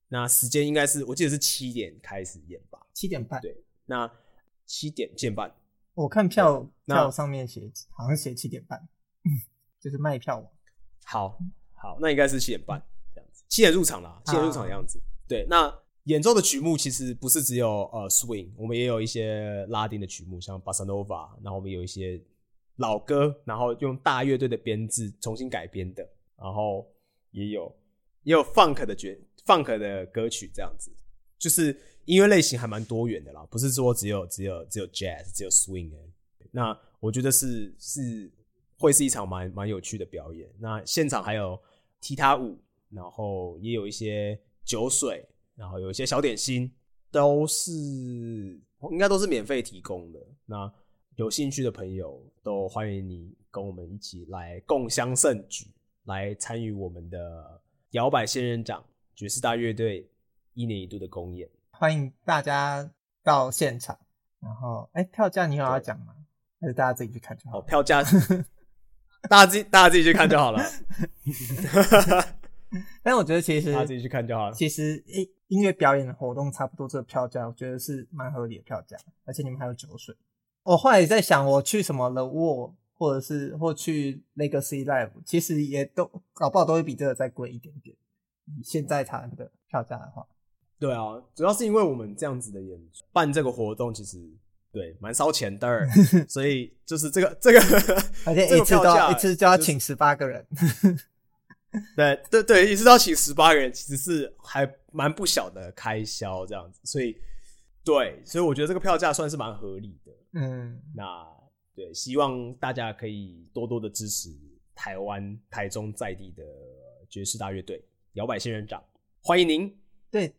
那時間應該是我記得是七點開始演吧？七點半。對，那七點見半。我看票票上面寫好像寫七點半， 就是賣票網。好好，那應該是七點半。嗯七點入場啦，啊，七點入場的樣子。對，那演奏的曲目其實不是只有呃、uh, swing，我們也有一些拉丁的曲目，像 Bossa Nova，然後我們有一些老歌，然後用大樂隊的編制重新改編的，然後也有也有 funk 的角 funk 的歌曲，這樣子，就是音樂類型還蠻多元的啦，不是說只有只有只有 jazz，只有 swing。那我覺得是是會是一場蠻蠻有趣的表演。那現場還有踢踏舞。然後也有一些酒水，然後有一些小點心，都是應該都是免費提供的。那有興趣的朋友都歡迎你跟我們一起來共襄盛舉，來參與我們的搖擺仙人掌爵士大樂隊一年一度的公演。歡迎大家到現場。然後，哎，票價你有要講嗎？還是大家自己去看就好？好，票價 大家自己大家自己去看就好了。 但我覺得其實他、啊、自己去看就好了。其實，誒，音樂表演的活動差不多，這個票價我覺得是蠻合理的票價，而且你們還有酒水。我後來也在想，我去什麼 The Wall，或者是或去那個 Legacy Live，其實也都搞不好都會比這個再貴一點點。現在它的票價的話，對啊，主要是因為我們這樣子的演出辦這個活動，其實對蠻燒錢的，所以就是這個這個，而且一次,都要 一次就要請十八個人。就是 對對對，一直到要請十八個人，其實是還蠻不小的開銷這樣子，所以對，所以我覺得這個票價算是蠻合理的。嗯，那對，希望大家可以多多的支持台灣台中在地的爵士大樂隊搖擺仙人掌，歡迎您。對，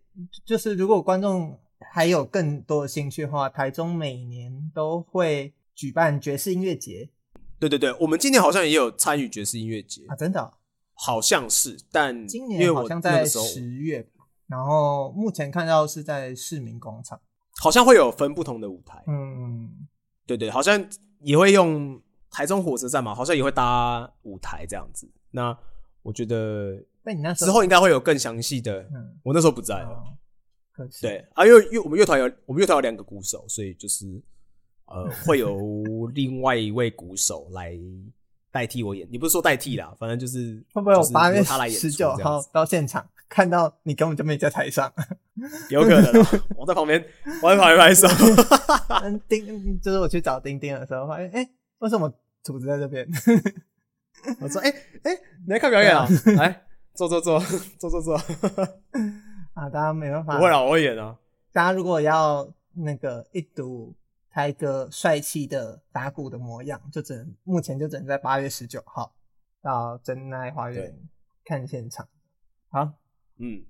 就是如果觀眾還有更多的興趣的話，台中每年都會舉辦爵士音樂節。對對對，我們今年好像也有參與爵士音樂節啊，真的哦？好像是，但今年因為好像在十月，然後目前看到是在市民廣場，好像會有分不同的舞台，嗯，對，對對，好像也會用台中火車站嘛，好像也會搭舞台這樣子。那我覺得，那你那時候之後應該會有更詳細的，我那時候不在了，了對啊，因為因為我們樂團有我們樂團有兩個鼓手，所以就是呃， 會有另外一位鼓手來。代替我演，你不是說代替啦，反正就是。會不會我八月十九號到現場，看到你根本就沒在台上？有可能、喔 我，我在旁邊，我在旁邊拍手。釘， 就是我去找丁丁的時候，發現哎、欸，為什麼組子在這邊？ 我說哎哎、欸欸，你在看表演啊？啊來坐坐坐坐坐坐。啊，大 家沒辦法，我演，我演啊。大家如果要那個一讀。拍一個帥氣的打鼓的模樣，就只能目前就只能在八月十九號到臻愛花園看現場。好，嗯，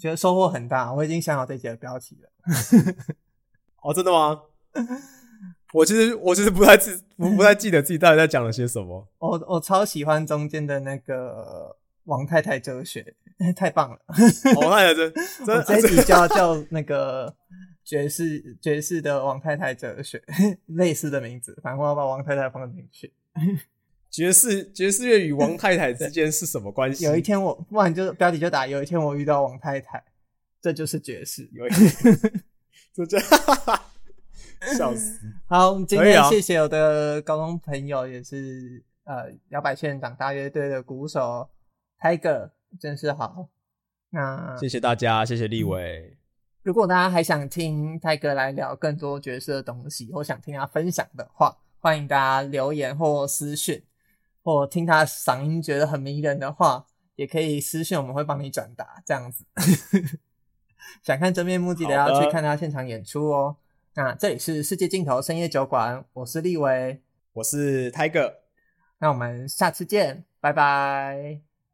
覺得收穫很大，我已經想好這集的標題了。 哦，真的嗎？ 我其實我其實不太記，不太記得自己到底在講了些什麼。 我我超喜歡中間的那個王太太哲學，太棒了。王太太真，真我這一集叫 那個。爵士爵士的王太太哲學，類似的名字，反正我要把王太太放進去。爵士爵士樂與王太太之間是什麼關係？有一天我，不然就標題就打。有一天我遇到王太太，這就是爵士。有一天，就這樣，哈哈哈哈哈，這， 笑死！好，我們今天謝謝我的高中朋友，也是、啊、呃，搖擺仙人掌大樂隊的鼓手 Tiger，真是好。那謝謝大家，謝謝力瑋。嗯如果大家還想聽 Tiger 來聊更多角色的東西，或想聽他分享的話，歡迎大家留言或私訊，或聽他嗓音覺得很迷人的話，也可以私訊，我們會幫你轉達。這樣子， 想看真面目記得要去看他現場演出哦。那這裡是世界盡頭深夜酒館，我是力瑋，我是 Tiger，那我們下次見，拜拜。